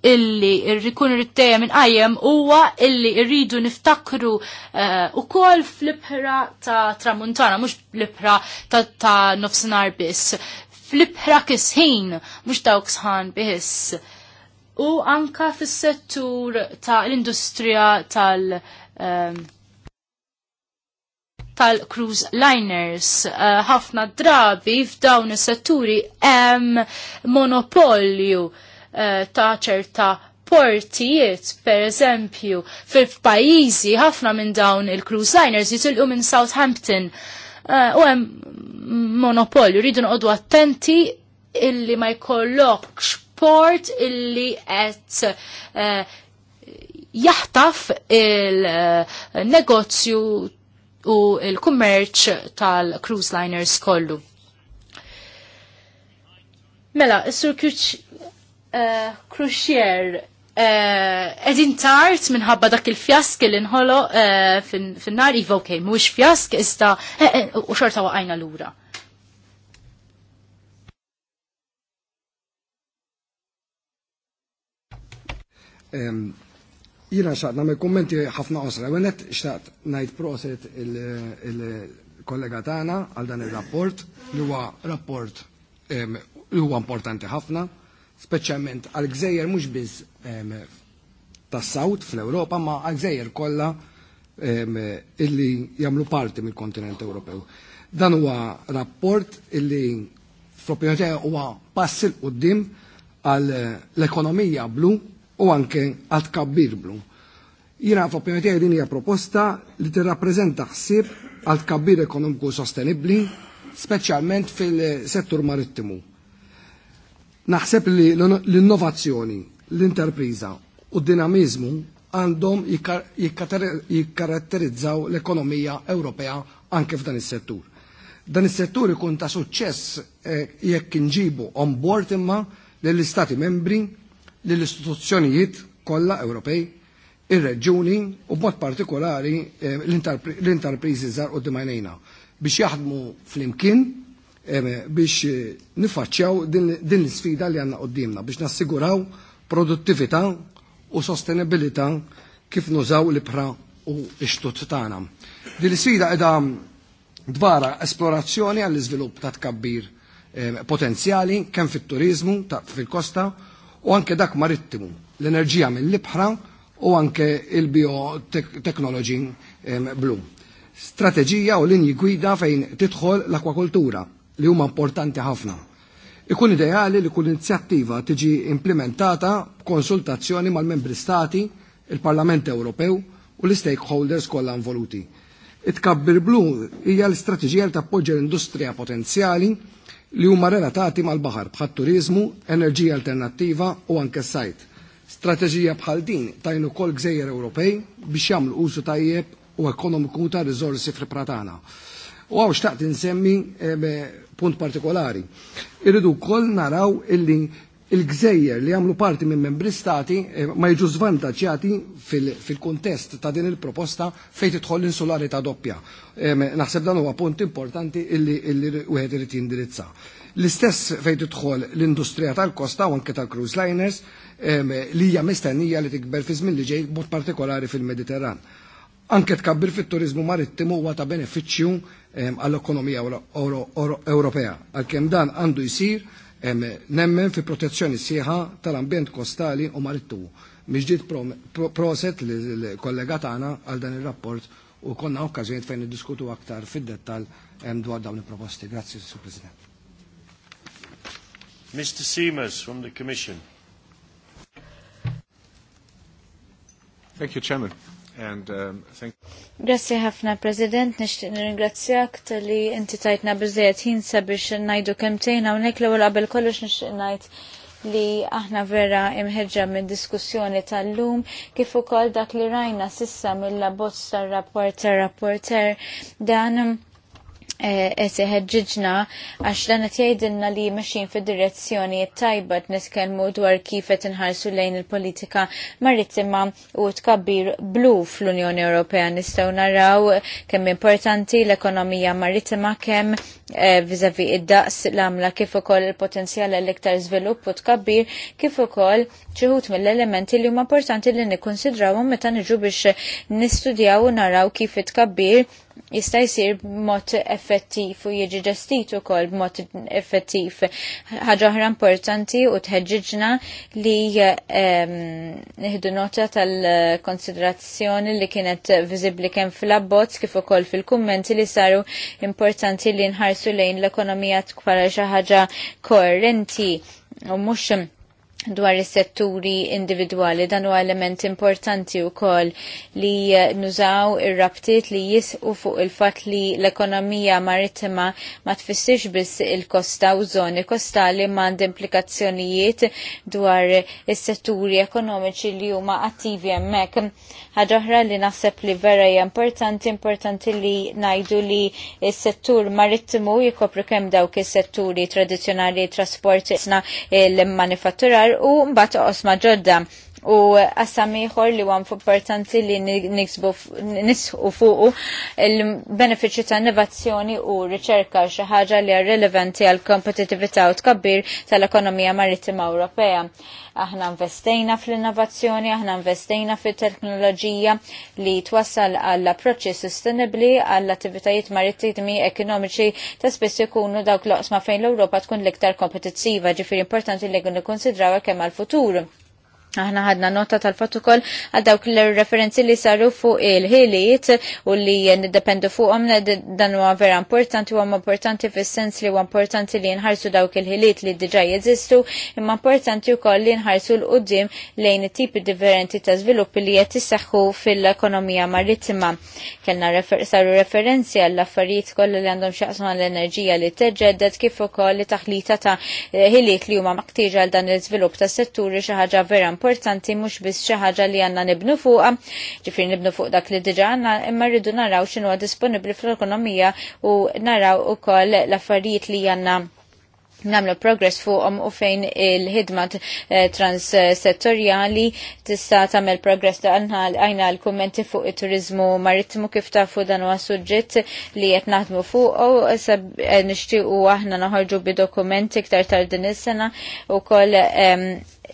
illi irrikun irrittejja minn qajjem huwa illi rridu niftakru eh, ukoll fl-ibħra ta' tramuntana, mhux l-ibħra ta' nofsinhar biss fl kisħin, mux dawk sħan biss. U anka fis-settur ta' l-industrija tal- um, tal-cruise liners. Eh, ħafna uh, drabi f'dawn is-setturi hemm monopolju uh, ta' ċerta portijiet, per eżempju, fil-pajizi ħafna minn dawn il-cruise liners jitilqu minn Southampton Eh, u hemm monopolju, rridu noqogħdu attenti illi ma jkollokx port illi qed eh, jaħtaf il-negozju u il-kummerċ tal-cruise liners kollu. Mela, Sur Kruċier eh, Eh, edin tart minħabba dak il-fjask li nħolo eh, fin-nar iva okej, mux fjask iżda eh, u xorta għajna l-ura. Jina xaqt, namme kommenti ħafna osra, għenet xaqt najt proset il-kollega tana għal dan il-rapport, li huwa rapport li huwa importanti ħafna, speċjalment għal gżejjer mhux biss tas-sawt fl-Ewropa ma' għalżejjer kollha illi jagħmlu parti mill-kontinent Ewropew. Dan huwa rapport illi f'opinjoni huwa pass il qudiem għal l-ekonomija blu u anke għal tkabbir blu. Jina f'opinjoni tiegħi din hija proposta li tirrappreżenta ħsieb għal tkabbir ekonomiku sostenibbli, speċjalment fil-settur marittimu. Naħseb li l-innovazzjoni l-interpriża u d-dinamizmu għandhom jikkaratterizzaw l-ekonomija Ewropea anke f'dan is-settur. Dan is-settur ikun ta' suċċess eh, jekk inġibu on board imma lill-Istati membri, lill-istituzzjonijiet kollha Ewropej, ir-reġuni u b'mod partikolari eh, l-interpriżi żgħar u d-dimajnejna biex jaħdmu fl-imkien eh, biex nifaċċjaw din l-sfida li għandna qoddimna biex nassiguraw produttività u sostenibilità kif nużaw l ibra u ixtut tut tagħna. Din l-sfida qiegħda dwara esplorazzjoni għall iżvilupp ta' tkabbir eh, potenzjali kemm fit-turizmu fil-kosta u anke dak marittimu l-enerġija mill-ibħra u anke il-bioteknoloġi eh, blu. Strateġija u linji gwida fejn tidħol l-akwakultura li huma importanti ħafna Ikun ideali li kull inizjattiva tiġi implementata b'konsultazzjoni mal-membri stati, il-Parlament Ewropew u l-stakeholders kollha involuti. It-kabbir blu hija l-istrateġija li tappoġġa l-industrija potenzjali li huma relatati mal-baħar bħat turizmu, enerġija alternattiva u anke sajt. Strateġija bħal din tajnu kol gżejjer Ewropej biex jagħmlu użu tajjeb u ekonomiku ta' riżorsi fil-pratana. U għaw xtaqt insemmi eh, punt partikolari. Irridu kol naraw illi il-gżejjer li għamlu parti minn membri stati eh, ma jġu zvantaċjati fil-kontest ta' din il-proposta fejn tidħol l-insularità doppja. Eh, naħseb dan huwa punt importanti illi wieħed irid jindirizza. L-istess fejn tidħol l-industrija tal-kosta u anke tal-cruise liners li hija mistennija li tikber fi żmien li ġej b'mod partikolari fil-Mediterran. Anke tkabbir fit-turizmu marittimu huwa ta' benefiċċju għall-ekonomija Ewropea. Għalkemm dan għandu jsir nemmen fi protezzjoni sieħa tal-ambjent kostali u marittu. Miġġiet proset l-kollega tagħna għal dan ir-rapport u konna okkażjoniet fejn niddiskutu aktar fid dettall dwar dawn il-proposti. Grazzi, Sur President. Mr. Seamers from the Commission. Thank you, Chairman and um, thank Grazzi ħafna President, nixtieq nirringrazzjak tal-li inti tajtna biżejjed ħin sabiex ngħidu kemmtejn hawnhekk l-ewwel qabel kollox nixtieq ngħid li aħna vera imħedġa minn diskussjoni tal-lum kif ukoll dak li rajna sissa mill-abbozz tar-rapport tar-rapporter dan Eh, ħedġiġna għax dan qed jgħidilna li mexin fid-direzzjoni tajba t-niskelmu dwar kif qed inħarsu lejn il-politika marittima u tkabbir blu fl-Unjoni Ewropea nistgħu naraw kemm importanti l-ekonomija marittima kemm Eh, vizavi id-daqs l-għamla kif ukoll il-potenzjal l-iktar żvilupp u tkabbir kif ukoll ċiħut mill-elementi li huma importanti li nikkonsidrawhom meta niġu biex nistudjaw u naraw kif it-tkabbir jista' jsir b'mod effettiv u jiġi ġestit ukoll b'mod effettiv. Ħaġa oħra importanti u tħeġġiġna li ehm, nieħdu nota tal-konsiderazzjoni li kienet viżibbli kemm fl-abbozz kif ukoll fil-kummenti li saru importanti li nħarsu nħarsu lejn l-ekonomija tkwara xi ħaġa koerenti u mhux dwar is-setturi individwali dan huwa element importanti wkoll li nużaw ir-rabtiet li jisqu fuq il-fatt li l-ekonomija marittima ma tfissirx biss il-kosta u żoni kostali m'għand implikazzjonijiet dwar is-setturi ekonomiċi li huma attivi hemmhekk oħra li naħseb li vera importanti, importanti li najdu li s-settur marittimu jikopru kemm dawk is-setturi tradizjonali trasport isna l-manifatturar u mbagħad osma ġodda u qassam ieħor li huwa importanti li niksbu nisħu fuqu il-benefiċċju ta' innovazzjoni u riċerka xi ħaġa li relevanti għal kompetittività u tkabbir tal-ekonomija marittima Ewropea. Aħna investejna fl-innovazzjoni, aħna investejna fil teknoloġija li twassal għall approċċi sostenibbli għall attivitajiet marittimi ekonomiċi ta' spess ikunu dawk loqsma fejn l-Ewropa tkun l-iktar kompetittiva, ġifieri importanti li nikkonsidraw kemm għal-futur Aħna ħadna nota tal-fattu għal dawk l-referenzi li saru fuq il-ħiliet u li fuq fuqhom dan huwa vera importanti u importanti fis-sens li huwa importanti li nħarsu dawk il-ħiliet li diġà jeżistu, imma importanti wkoll li nħarsu l qudiem lejn it-tipi differenti ta' żviluppi li qed issaħħu fil-ekonomija marittima. Kellna saru referenzi għall affarijiet kollha li għandhom x'aqsma l-enerġija li teġġedded kif ukoll li taħlita ta' eh, ħiliet li huma maqtieġa għal dan il iżvilupp tas-setturi xi ħaġa vera importanti mhux biss xi ħaġa li għandna nibnu fuqa, ġifir nibnu fuq dak li diġà għandna, imma rridu naraw għad disponibbli fl-ekonomija u naraw ukoll l-affarijiet li għandna namlu progress fuqhom u fejn il-ħidma eh, transsettorjali tista' tagħmel progress għajna l-kummenti fuq it-turizmu marittimu kif tafu dan huwa suġġett li qed naħdmu fuq eh, nixtiequ aħna naħarġu bi dokumenti iktar tard din is-sena wkoll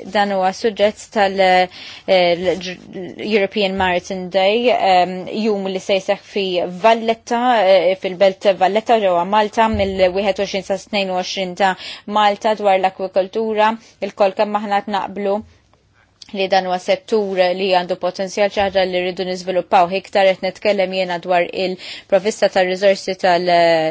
dan huwa suġġett tal-European eh, Maritime Day ehm, jum li sejseħ fi Valletta eh, fil-belt Valletta ġewwa Malta mill-21 sa 22 ta' Malta dwar l akwikultura il-kol kemm aħna naqblu li dan huwa settur li għandu potenzjal ċaħġa li rridu niżviluppaw iktar qed nitkellem jiena dwar il-provista tar-riżorsi tal- uh,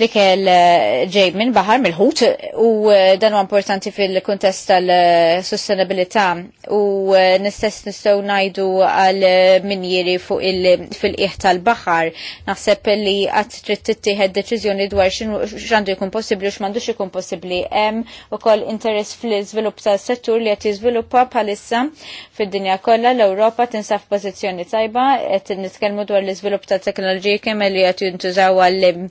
li kell eh, ġej minn baħar mill-ħut u eh, dan huwa importanti fil-kuntest tal-sustenabilità u eh, nistess nistgħu ngħidu għal minjeri fuq fil qieħ tal-baħar. Naħseb li qatt trid tittieħed deċiżjoni dwar x'għandu jkun possibbli u x'm'għandux ikun possibbli. Hemm ukoll interess fl-iżvilupp tas-settur li qed jiżviluppa bħalissa fid-dinja kollha l-Ewropa tinsab pożizzjoni tajba qed nitkellmu dwar l-iżvilupp tat teknoloġiji kemm li qed jintużaw għall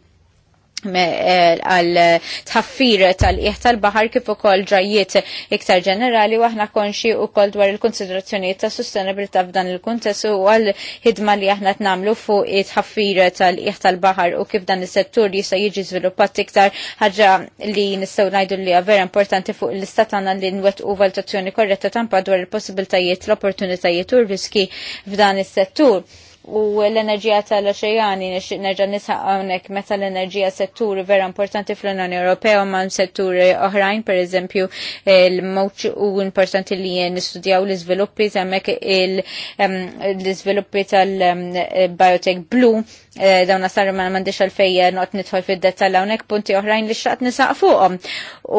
Eh, għal tħaffir tal iħ tal-baħar kif ukoll ġrajiet iktar ġenerali u aħna konxi ukoll dwar il-konsiderazzjonijiet ta' sustenabilità f'dan il-kuntess u għal ħidma li aħna t-namlu fuq it-tħaffir tal iħ tal-baħar u kif dan is-settur jista' jiġi żviluppat iktar ħaġa li nistgħu ngħidu li vera importanti fuq l-istat għandna li nwettqu valutazzjoni korretta tampa dwar il-possibiltajiet, l-opportunitajiet u r-riski f'dan is-settur u l-enerġija tal-oċejani nixtieq nerġa' nisaq hawnhekk meta l-enerġija setturi vera importanti fl-Unjoni Ewropea man setturi oħrajn pereżempju il-mowġ u importanti li nistudjaw l-iżviluppi hemmhekk l-iżviluppi tal-biotech blue Eh, dawn nasar ma mandiċ għalfej eh, not nidħol fid-dettall hawnhekk punti oħrajn li xaqt nisaq fuqhom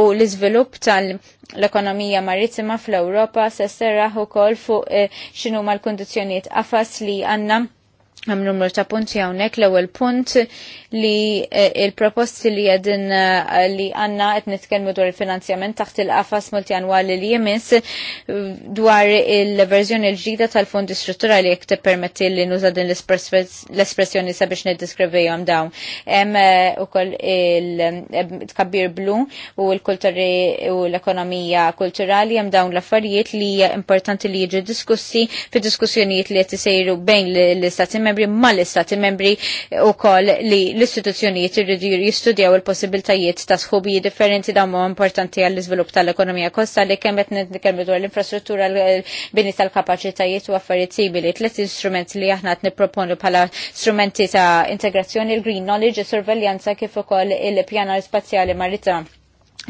u l-iżvilupp tal-ekonomija marittima fl-Ewropa se serraħ ukoll fuq eh, x'inhuma l-kundizzjonijiet qafas li għandna Għam numru ta' punti għawnek l ewwel punt li eh, il-proposti li għedin eh, li għanna għet nitkelmu dwar il-finanzjament taħt il-qafas multianwali li jemis eh, dwar il-verżjoni l ġida tal-fondi strutturali jek te permetti li nuża din l-espressjoni sabiex nid-diskrivi għam dawn. Em u koll il-kabbir blu u l-kulturi u l-ekonomija kulturali jem dawn l-affarijiet li importanti li jġi diskussi fi diskussjonijiet li jtisejru bejn l-istatim membri ma l-istati membri u koll li l istituzjoniet irridu jistudjaw il-possibiltajiet ta' sħubi differenti da' mu importanti għall-izvilup tal-ekonomija kosta li kemmet nitkellmu dwar l-infrastruttura l-bini tal-kapacitajiet u affarijiet sibili. Tlet instrumenti li aħna niproponu bħala strumenti ta' integrazzjoni, il-green knowledge, il-surveljanza kif ukoll il-pjanar spazjali marittama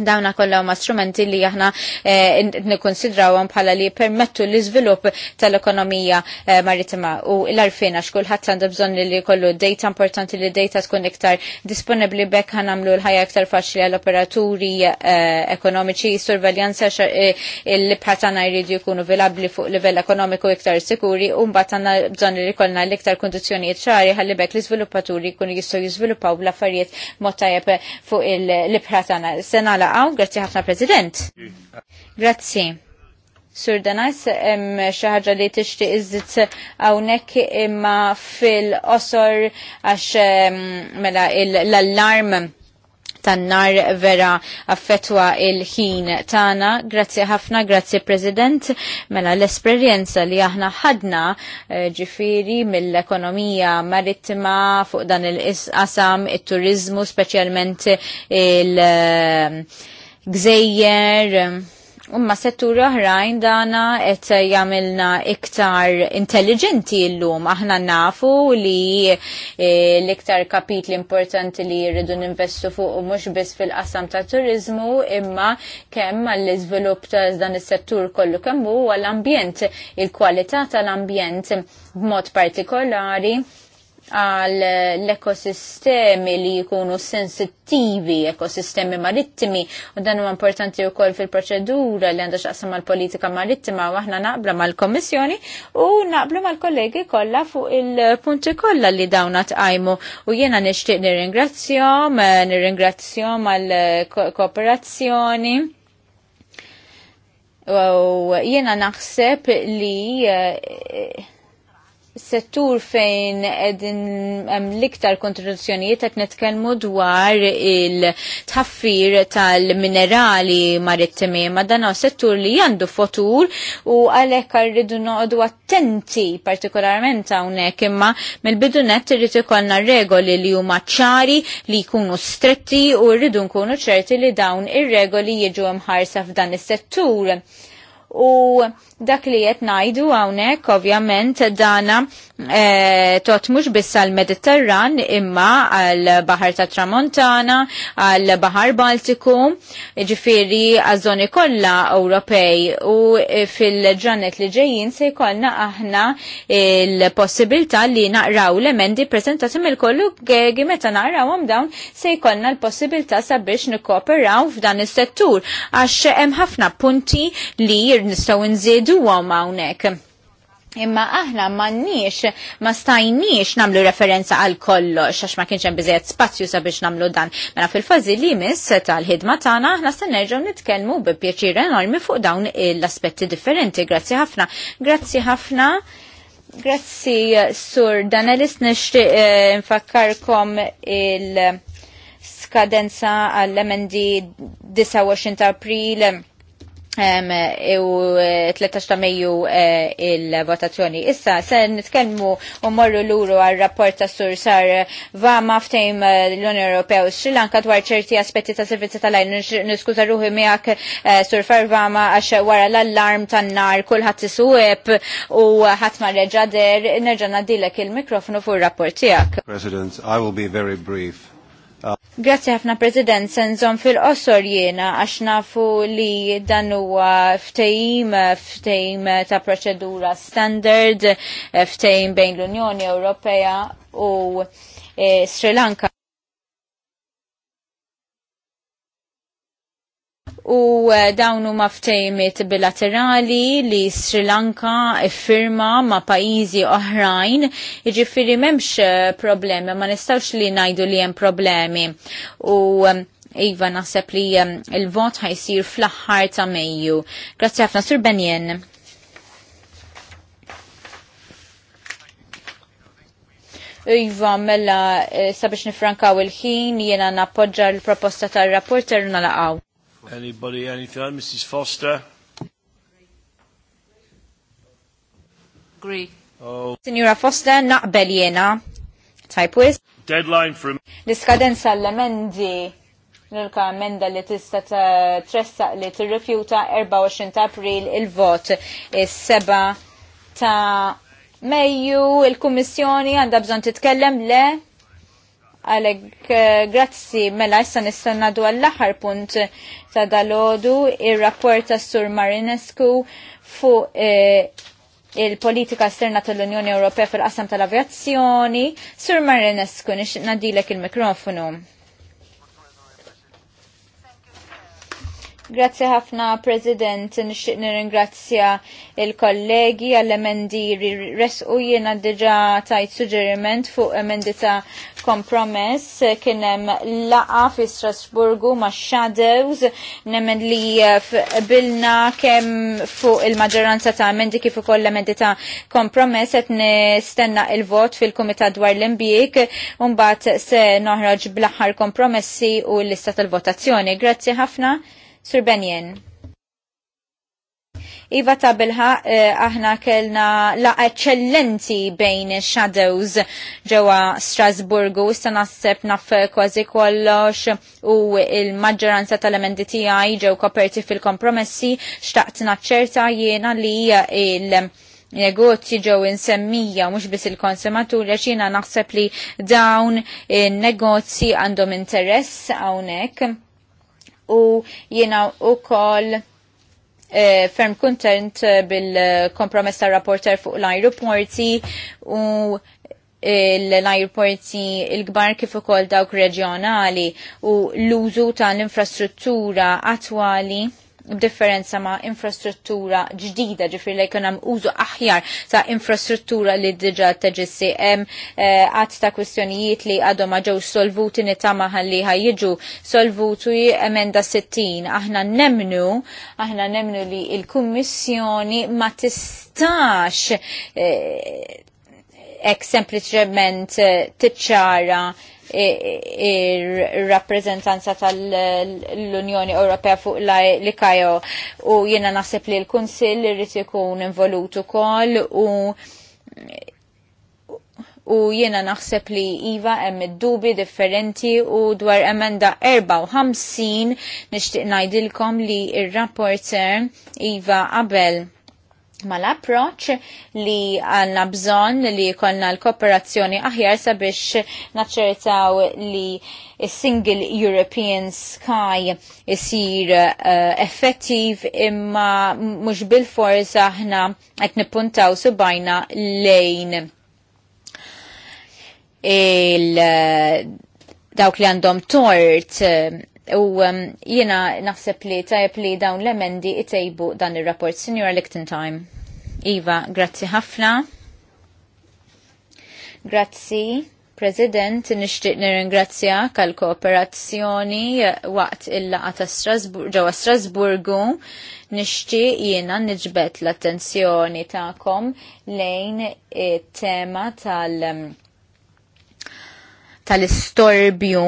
dawna kollha huma strumenti li aħna eh, nikkonsidrawhom bħala li permettu l-iżvilupp tal-ekonomija eh, marittima u l-arfina x'kulħadd għandu bżonn li jkollu data importanti li data tkun iktar disponibbli bekk nagħmlu l-ħajja iktar faċli għall operaturi eh, ekonomiċi, surveljanza l libħatana jridu jkunu vilabbli fuq livell ekonomiku iktar sikuri u mbagħad għandna bżonn li jkollna l-iktar kundizzjonijiet ċari ħalli bekk l-iżviluppaturi jkunu jistgħu jiżviluppaw l-affarijiet mod tajjeb fuq il libħatana tagħna laqaw, grazzi ħafna President. Grazzi. Sur Danajs, xaħġa li tixti iżit għawnek imma fil-osor għax mela l-allarm tan-nar vera affettwa il-ħin tagħna. Grazzi ħafna, grazzi President, mela l-esperjenza li aħna ħadna eh, ġifiri mill-ekonomija marittima fuq dan il-qasam, it-turizmu, specialment il- eh, gżejjer, Umma settur oħrajn dana qed jagħmilna iktar intelligenti llum. Aħna nafu li e, l-iktar kapitli importanti li jridu ninvestu fuq mhux biss fil-qasam ta' turizmu imma kemm għall-iżvilupp ta' dan is-settur kollu kemm huwa l-ambjent, il-kwalità tal-ambjent b'mod partikolari għal l-ekosistemi li jkunu sensittivi, ekosistemi marittimi, u dan huwa importanti wkoll fil-proċedura li għandha x'aqsam mal-politika marittima u aħna naqbla mal-Kommissjoni u naqblu mal-kollegi kollha fuq il-punti kollha li dawn tqajmu u jiena nixtieq nirringrazzjom, eh, nirringrazzjom mal kooperazzjoni U jiena naħseb li eh, settur fejn edin l-iktar kontribuzzjonijiet qed netkellmu dwar il-tħaffir tal-minerali marittimi ma dan settur li għandu fotur u għalhekk rridu noqogħdu attenti partikolarment hawnhekk imma mill-bidu nett irrid ikollna regoli li huma ċari li jkunu stretti u rridu nkunu ċerti li dawn ir-regoli jiġu mħarsa f'dan is-settur u dak li qed ngħidu hawnhekk ovvjament dana e, tot mux biss għall-Mediterran imma għall-Baħar ta' Tramontana, għall-Baħar Baltiku, ġifiri għaż-żoni kollha Ewropej u fil-ġranet li ġejjin se jkollna aħna il-possibilità li naqraw l-emendi preżentati mill-kollu meta naqrawhom dawn se jkollna l-possibilità sabiex nikoperaw f'dan is-settur għax hemm ħafna punti li nistaw nżied ngħiduhom hawnhekk. Imma aħna m'għandniex ma stajniex nagħmlu referenza għal kollox għax ma kienx hemm spazju sabiex nagħmlu dan. Mela fil-fażi li miss tal-ħidma tagħna aħna se nerġaw nitkellmu bi pieċir enormi fuq dawn l-aspetti differenti. Grazzi ħafna. Grazzi ħafna. Grazzi Sur Danelis nixtieq eh, nfakkarkom il- skadenza għall-emendi 29 ta' april E u 13 e, ta' Mejju e, il-votazzjoni. Issa, se nitkellmu u morru l-uru għal-rapport ta' Sur Sar Vama ftejm l-Unjoni Ewropea u Sri Lanka dwar ċerti aspetti ta' servizzi tal-għajn. Niskuza ruħi miegħek Sur Far Vama għax wara l-allarm tan-nar kulħadd isuweb u ħadd ma reġa' der nerġa' nadilek il-mikrofonu fuq ir-rapport tiegħek. President, I will be very brief. Grazie ħafna President, Senzon fil-qosor jiena għax nafu li dan huwa ftehim ftehim ta' proċedura standard, ftehim bejn l-Unjoni Ewropea u e, Sri Lanka. u eh, dawnu maftejmit bilaterali li Sri Lanka firma ma pajizi oħrajn, iġifiri memx eh, problemi, ma nistawx li najdu li jem problemi. U eh, Iva naħseb li il-vot ħajsir fl aħħar ta' Mejju. Grazzi ħafna, Sur Benjen. Iva, mela, sabiex nifrankaw il-ħin, jena nappoġġa l-proposta tal-rapporter nalaqaw. Anybody, anything else? Mrs. Foster? Agree. Oh. Signora Foster, not Beliena. Type with. Deadline for... L-iskadenza l-emendi l-ulka emenda li tista tressa li t refuta 24 ta' april il-vot is-seba ta' Mejju, il-Kummissjoni għandha bżon titkellem le Għalek, eh, grazzi, mela issa du għall-aħar punt ta' dalodu, il-rapport ta' Sur Marinescu fuq eh, il-politika esterna tal-Unjoni Ewropea fil-qasam tal-avjazzjoni. Sur Marinescu, nix nadilek il-mikrofonu. Grazzi ħafna, President, nixtieq nirringrazzja il-kollegi għall-emendi resqu jiena diġà tajt suġġeriment fuq emendi ta' kompromess kien hemm laqa fi Strasburgu ma' Shadows nemmen li bilna kemm fuq il-maġġoranza ta' emendi kif ukoll l-emendi ta' kompromess qed nistenna il-vot fil-Kumitat dwar l imbik u mbagħad se noħroġ bl-aħħar kompromessi u l-lista tal-votazzjoni. Grazzi ħafna. Sir Benjen. Iva ta' bilħa eh, aħna kellna la' eccellenti bejn Shadows ġewa Strasburgu, issa nasseb naf kważi kollox u il-maġġoranza tal-emendi tiegħi ġew koperti fil-kompromessi, xtaqt naċċerta jiena li il- negozji ġew insemmija mhux biss il-konsumatur għax jiena naħseb li dawn in-negozji għandhom interess hawnhekk u jiena wkoll E, eh, ferm kontent eh, bil-kompromess ta' rapporter fuq l-aeroporti u eh, l-aeroporti il-gbar kif ukoll dawk reġjonali u l-użu tal-infrastruttura attwali b'differenza ma' infrastruttura ġdida ġifir li jkun hemm użu aħjar ta' infrastruttura li diġa teġissi hemm eh, Għat ta' kwistjonijiet li għadhom ma ġew solvuti nitama ħalli ħajġu solvuti emenda 60. Aħna nemnu, aħna nemnu li il-Kummissjoni ma tistax eh, ek sempliċement eh, tiċċara il-rappresentanza tal-Unjoni Ewropea fuq l-IKAO u jiena naħseb li l-Kunsill irid ikun involut ukoll u u jiena naħseb li Iva hemm id-dubi differenti u dwar emenda 54 nixtieq ngħidilkom li ir-rapporter Iva qabel ma l-approċ li għanna bżon li konna l-kooperazzjoni aħjar sabiex naċċertaw li single European Sky jisir uh, eh, effettiv imma mux bil-forza aħna għet nipuntaw subajna lejn il dawk li għandhom tort eh, U um, jiena naħseb li tajab li dawn l-emendi itejbu dan il-rapport. Signora Time. Iva, grazzi ħafna. Grazzi, President, nishtiq nirringrazzja għal kooperazzjoni waqt il-laqa ta' Strasbur ġewwa Strasburgu. Nishtiq jiena niġbet l-attenzjoni tagħkom lejn it-tema tal- um, tal-istorbju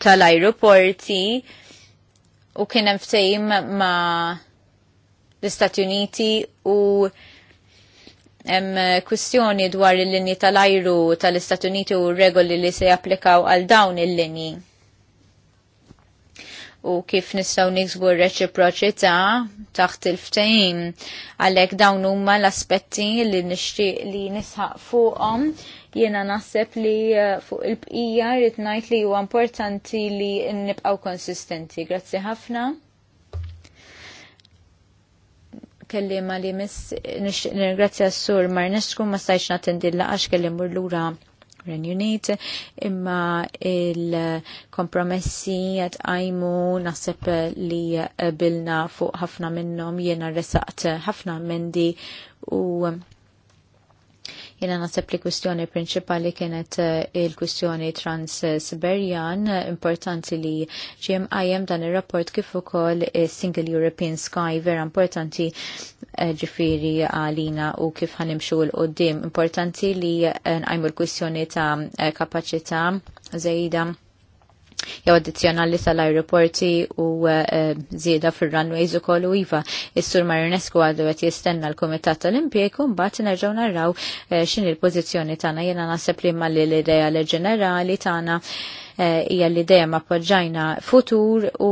tal-aeroporti u kien hemm ftehim ma' l-Istati Uniti u hemm kwistjoni dwar il-linji tal-ajru tal-Istati Uniti u regoli li se japplikaw għal dawn il-linji. U kif nistgħu nixbu r-reċiproċità taħt il-ftehim għalhekk dawn huma l-aspetti li nixtieq li nisħaq fuqhom Jiena naħseb li eh, fuq il-bqija rrid ngħid li huwa importanti li nibqaw konsistenti. Grazzi ħafna. ma li mis, nirgrazzi s-sur Marnesku ma stajx natendilla għax kellim mur lura Renjunit, imma il-kompromessi għajmu nasib li bilna fuq ħafna minnom jena resaqt ħafna mendi u Jena nasib li kwistjoni prinċipali kienet eh, il-kwistjoni trans-Siberian, importanti li ġiem dan il-rapport kif ukoll Single European Sky, vera importanti eh, ġifiri għalina u kif ħanimxu l-qoddim. Importanti li eh, nqajmu l-kwistjoni ta' kapacita' zejda jew addizzjonali tal-aeroporti u eh, eh, zieda fil-runways u kollu iva. Is-sur Marinescu għadu għet jistenna l-Komitat Olimpijek u mbagħad nerġgħu narraw eh, xin il-pożizzjoni tagħna jiena naħseb li malli l-idea ġenerali tagħna hija li ma poġġajna futur u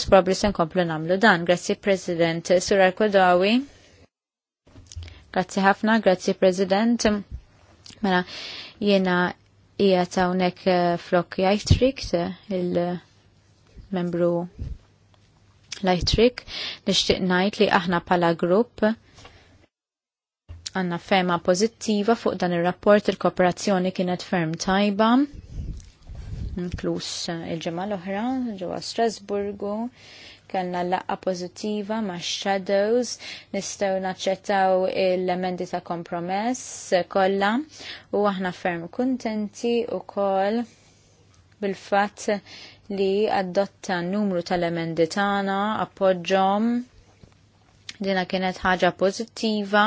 sprobri se nkomplu nagħmlu dan. Grazzi President Sur Kodawi. Grazzi ħafna, grazzi President. Mela, jena hija hawnhekk eh, flok jajtrik eh, il-membru lajtrik nixtieq ngħid li aħna bħala grupp għanna ferma pozittiva fuq dan ir-rapport il kooperazzjoni kienet ferm tajba inkluż eh, il ġemal l-oħra ġewwa Strasburgu kellna laqqa pożittiva ma' shadows, nistgħu naċċettaw l-emendi ta' kompromess kollha u aħna ferm kuntenti wkoll bil-fatt li adotta n numru tal-emendi tagħna appoġġhom dina kienet ħaġa pożittiva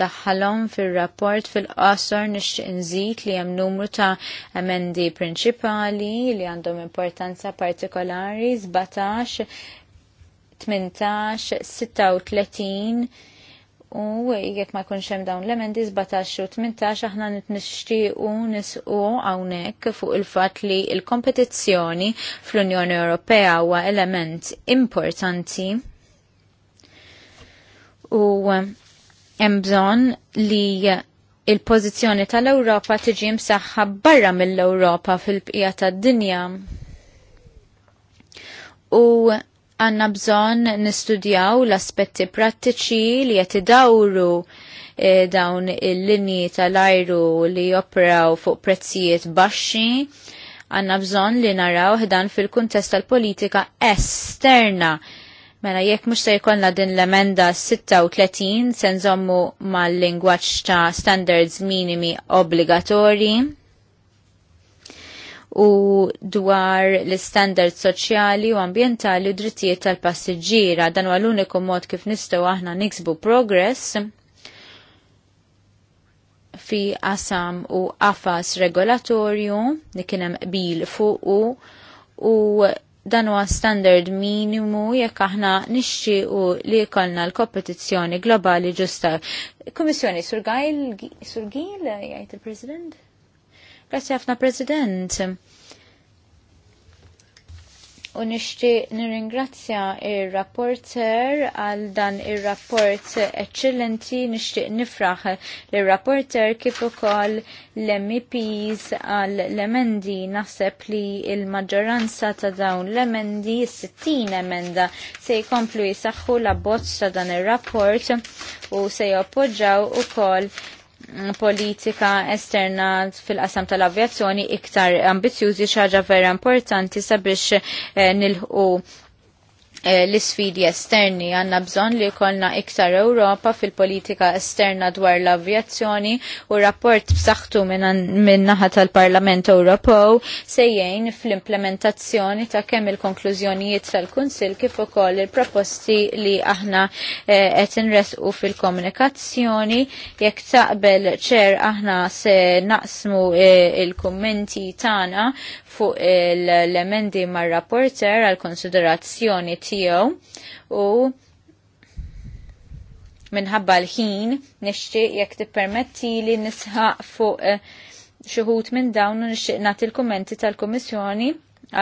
taħħalom fir-rapport fil qasor nixtieq nżid li hemm numru ta' emendi prinċipali li għandhom importanza partikolari 17 18 36 u jekk ma jkunx hemm dawn l-emendi 17 u 18 aħna nixtiequ nisqu hawnhekk fuq il-fatt li l-kompetizzjoni fl-Unjoni Ewropea huwa element importanti u hemm bżonn li il-pożizzjoni tal-Ewropa tiġi msaħħa barra mill-Ewropa fil-bqija tad-dinja. U għanna bżonn nistudjaw l-aspetti prattiċi li qed idawru E, dawn il-linji tal-ajru li jopraw fuq prezzijiet baxxi, għanna bżon li naraw ħdan fil-kuntest tal-politika esterna Mela jekk mhux se jkollna din l-emenda 36 se nżommu mal-lingwaġġ ta' standards minimi obbligatorji u dwar l-standard soċjali u ambientali u drittijiet tal-passiġġiera. Dan huwa l-uniku mod kif nistgħu aħna niksbu progress fi qasam u qafas regolatorju li kien hemm bil fuq u dan huwa standard minimu jekk aħna nixxiequ li jkollna l-kompetizzjoni globali ġusta. Kummissjoni Surgil, Surgil jgħid il-President? Grazie, ħafna President u nixtieq nirringrazzja r rapporter għal dan ir rapport eċċellenti nixtieq nifraħ lir rapporter kif ukoll l-MEPs għal l-emendi naħseb li l maġġoranza ta' dawn l-emendi 60 emenda se jkomplu jisaxħu la bozz ta' dan ir rapport u se jappoġġaw ukoll politika esterna fil-qasam tal-avjazzjoni iktar ambizjużi xaġa vera importanti sabiex eh, nilħu Eh, l-isfidi esterni għanna bżon li kolna iktar Ewropa fil-politika esterna dwar l-avjazzjoni u rapport b'saħħtu minn naħa tal-Parlament Ewropew sejjejn fl-implementazzjoni ta' kemm il-konklużjonijiet tal-Kunsill kif ukoll il-proposti li aħna eh, qed inresqu fil-komunikazzjoni jekk taqbel ċer aħna se naqsmu eh, il-kummenti tagħna fuq l-emendi mar-rapporter għal konsiderazzjoni tiegħu tiegħu u minħabba l-ħin nixtieq jekk tippermetti li nisħaq fuq eh, xuħut minn dawn u nixtieq nagħti l-kummenti tal-Kummissjoni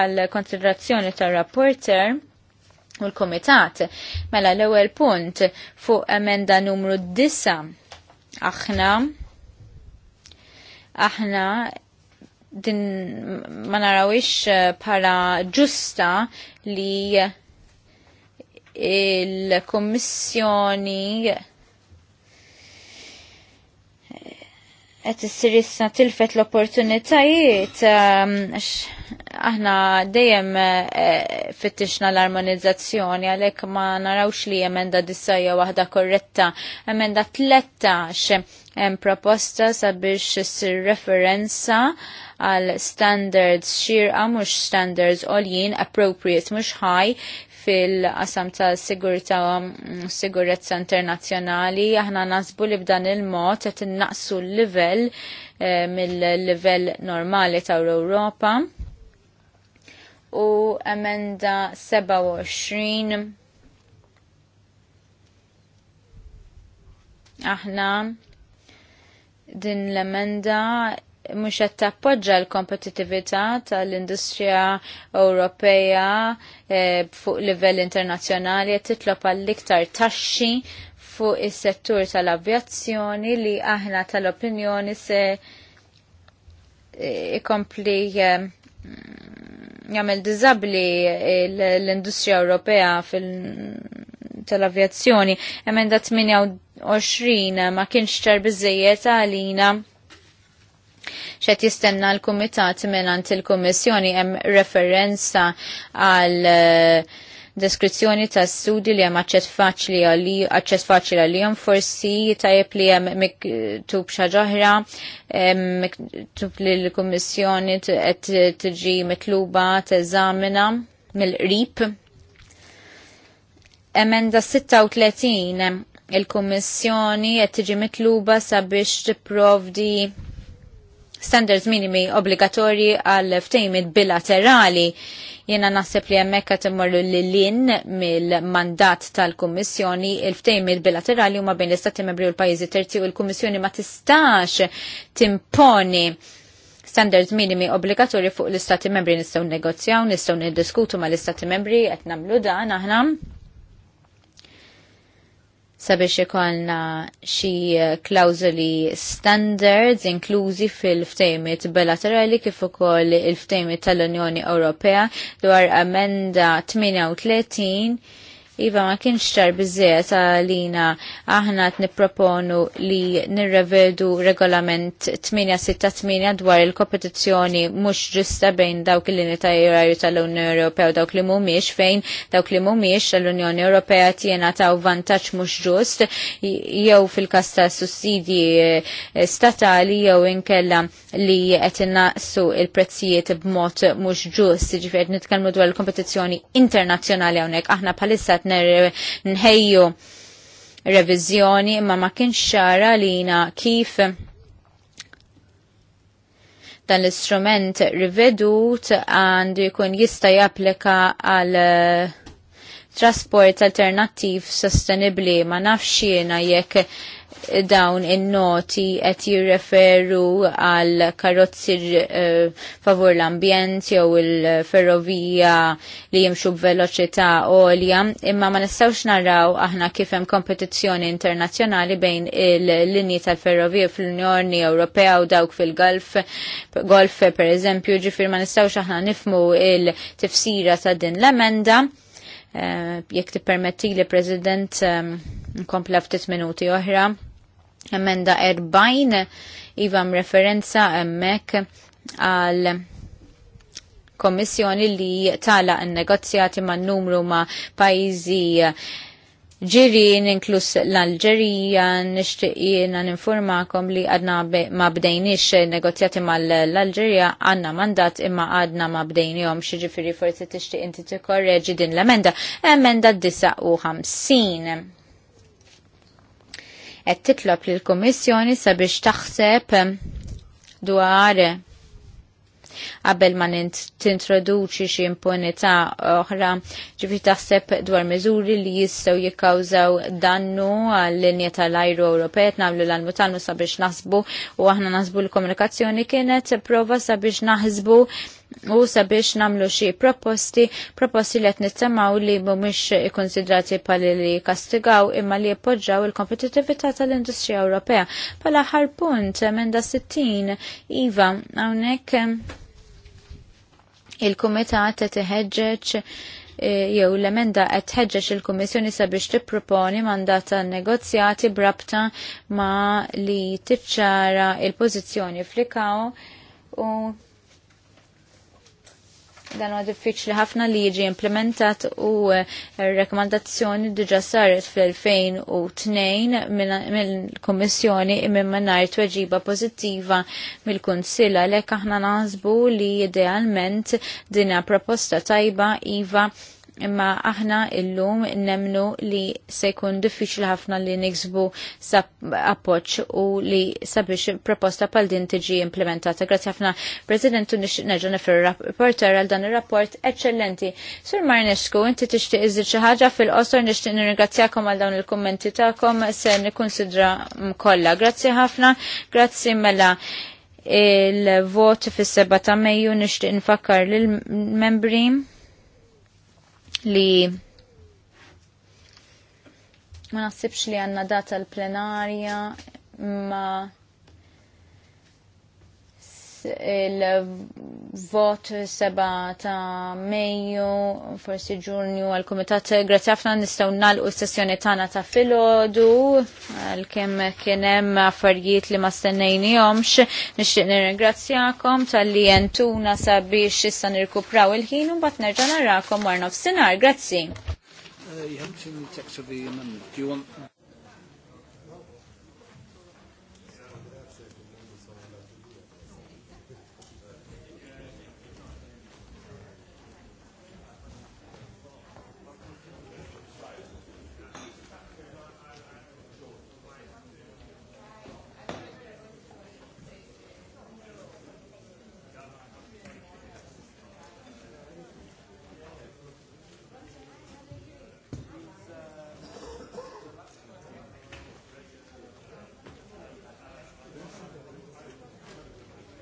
għall konsiderazzjoni tar-rapporter u l kumitat Mela l-ewwel punt fuq emenda numru 9 aħna aħna din ma narawix para eh, ġusta li il-Kommissjoni qed issir issa tilfet l-opportunitajiet um, aħna dejjem eh, fittixna l-armonizzazzjoni għalhekk ma narawx li emenda dissajja waħda korretta. Emenda tlettax hemm proposta sabiex issir referenza għal standards xirqa mhux standards għoljien appropriate mhux high fil-qasam ta' sigurta sigurezza internazzjonali. Aħna nasbu li b'dan il-mod qed innaqsu l-livell eh, mill-livell normali ta' Ewropa. U emenda 27 aħna din l-emenda mhux qed tappoġġa l-kompetittività tal-industrija Ewropea eh, fuq livell internazzjonali qed titlob għall-iktar taxxi fuq is-settur tal-avjazzjoni li aħna tal-opinjoni se eh, ikompli eh, jagħmel dizabli l-industrija Ewropea tal-avjazzjoni. Emenda 28 ma kienx ċar bizzejiet għalina xet jistenna l-Kumitat menant il-Kummissjoni hemm referenza għal eh, deskrizzjoni ta' studi li hemm aċċess faċli għalli aċċess faċli hemm forsi tajjeb li hemm miktub xi ġoħra miktub li l-Kummissjoni qed tiġi mitluba teżamina mill-qrib. Emenda 36 il-Kummissjoni qed tiġi mitluba sabiex tipprovdi standards minimi obbligatorji għal ftejmit bilaterali. Jena naħseb li hemmhekk qed immorru lil mill-mandat tal-Kummissjoni il-ftejmit bilaterali huma bejn l-Istati Membri u l-Pajjiżi Terzi u l-Kummissjoni ma tistax timponi standards minimi obbligatorji fuq l-Istati Membri nistgħu negozjaw, nistgħu niddiskutu mal istati Membri qed nagħmlu dan aħna sabiex ikollna xi klawżoli standards inklużi fil-ftejmiet bilaterali kif ukoll il-ftejmiet tal-Unjoni Ewropea dwar amenda 38 Iva ma kienx ċar bizziet għalina aħna t-niproponu li nirrevedu regolament 868 dwar il-kompetizjoni mux ġusta bejn dawk li nitajraju tal-Unjoni Ewropea u dawk li mumiex fejn dawk li mumiex tal-Unjoni Ewropea tjena taw vantaċ mux ġust jew fil-kas ta' sussidji eh, statali jew inkella li qed innaqsu il-prezzijiet b'mod mhux ġust, ġifjed nitkellmu dwar il-kompetizzjoni internazzjonali hawnhekk aħna bħalissa Ner eh, nħejju revizjoni imma ma kienx xara lina kif dan l-istrument rivedut għandu jkun jista' japplika għal eh, transport alternattiv sostenibli ma nafxina jekk dawn in-noti qed jirreferu għal karozzi uh, favur l-ambjent jew il-ferrovija li jimxu b'veloċità għolja, imma ma nistgħux naraw aħna kif hemm kompetizzjoni internazzjonali bejn il-linji tal-ferrovija fl-Unjoni Ewropea u dawk fil-Golf, Golf pereżempju, ġifir ma nistgħux aħna nifmu il-tifsira ta' din l-emenda. Uh, Jekk tippermetti li President um, nkompla ftit minuti oħra. Emenda 40 iva referenza emmek għal kommissjoni li tala n-negozjati ma' numru ma' pajzi ġirin inklus l-Alġerija nishtiqina ninformakom li għadna ma' bdejnix negozjati ma' l-Alġerija għanna mandat imma għadna ma' bdejnijom xieġifiri forsi tishtiq inti t din l-emenda emenda 59 qed titlob lill kummissjoni sabiex taħseb dwar qabel ma tintroduċi xi impunità oħra ġifi taħseb dwar miżuri li jistgħu jikkawżaw dannu għall linja tal-ajru Ewropej nagħmlu l mutannu sabiex naħsbu u aħna naħsbu l-komunikazzjoni kienet prova sabiex naħsbu u sabiex namlu xie proposti, proposti li nittamaw li mumiex ikkonsidrati pali li kastigaw imma li jepoġġaw il-kompetitivita tal-industrija Ewropea. Pala ħarpunt menda 60 Iva, għawnek il-komitat teħeġġeċ e, jew l-emenda qed tħeġġeġ il-Kummissjoni sabiex tipproponi mandat negozjati brabta ma li tiċċara il-pożizzjoni fl-ikaw u dan huwa diffiċli ħafna li jiġi implementat u eh, rekomandazzjoni diġa saret fl-2002 mill-Kommissjoni minn mingħajr tweġiba pożittiva mill l għalhekk aħna naħsbu li idealment dina proposta tajba iva imma aħna illum nemnu li se jkun diffiċli ħafna li niksbu appoċ u li sabiex proposta pal din tiġi implementata. Grazzi ħafna President u nerġa' nifir rapporter għal dan ir-rapport eċċellenti. Sur Marnesku, inti tixtieq iżid xi ħaġa fil-qosor nixtieq nirringrazzjakom għal dawn il-kummenti tagħkom se nikkonsidra kollha. Grazzi ħafna, grazzi mela il-vot fis seba ta' Mejju nixtieq nfakkar lill membri li ma naħsibx li għanna data l-plenarja ma il-vot seba ta' Mejju, forsi ġunju għal-Komitat. Grazie ħafna nistaw nalqu s-sessjoni tagħna ta' filgħodu għalkemm kien hemm affarijiet li ma stennejnihomx. Nixtieq nirringrazzjakom tal-li jentuna sabiex issa nirkupraw il-ħin u bat nerġa' narakom war nofsinhar. Grazzi. Uh, you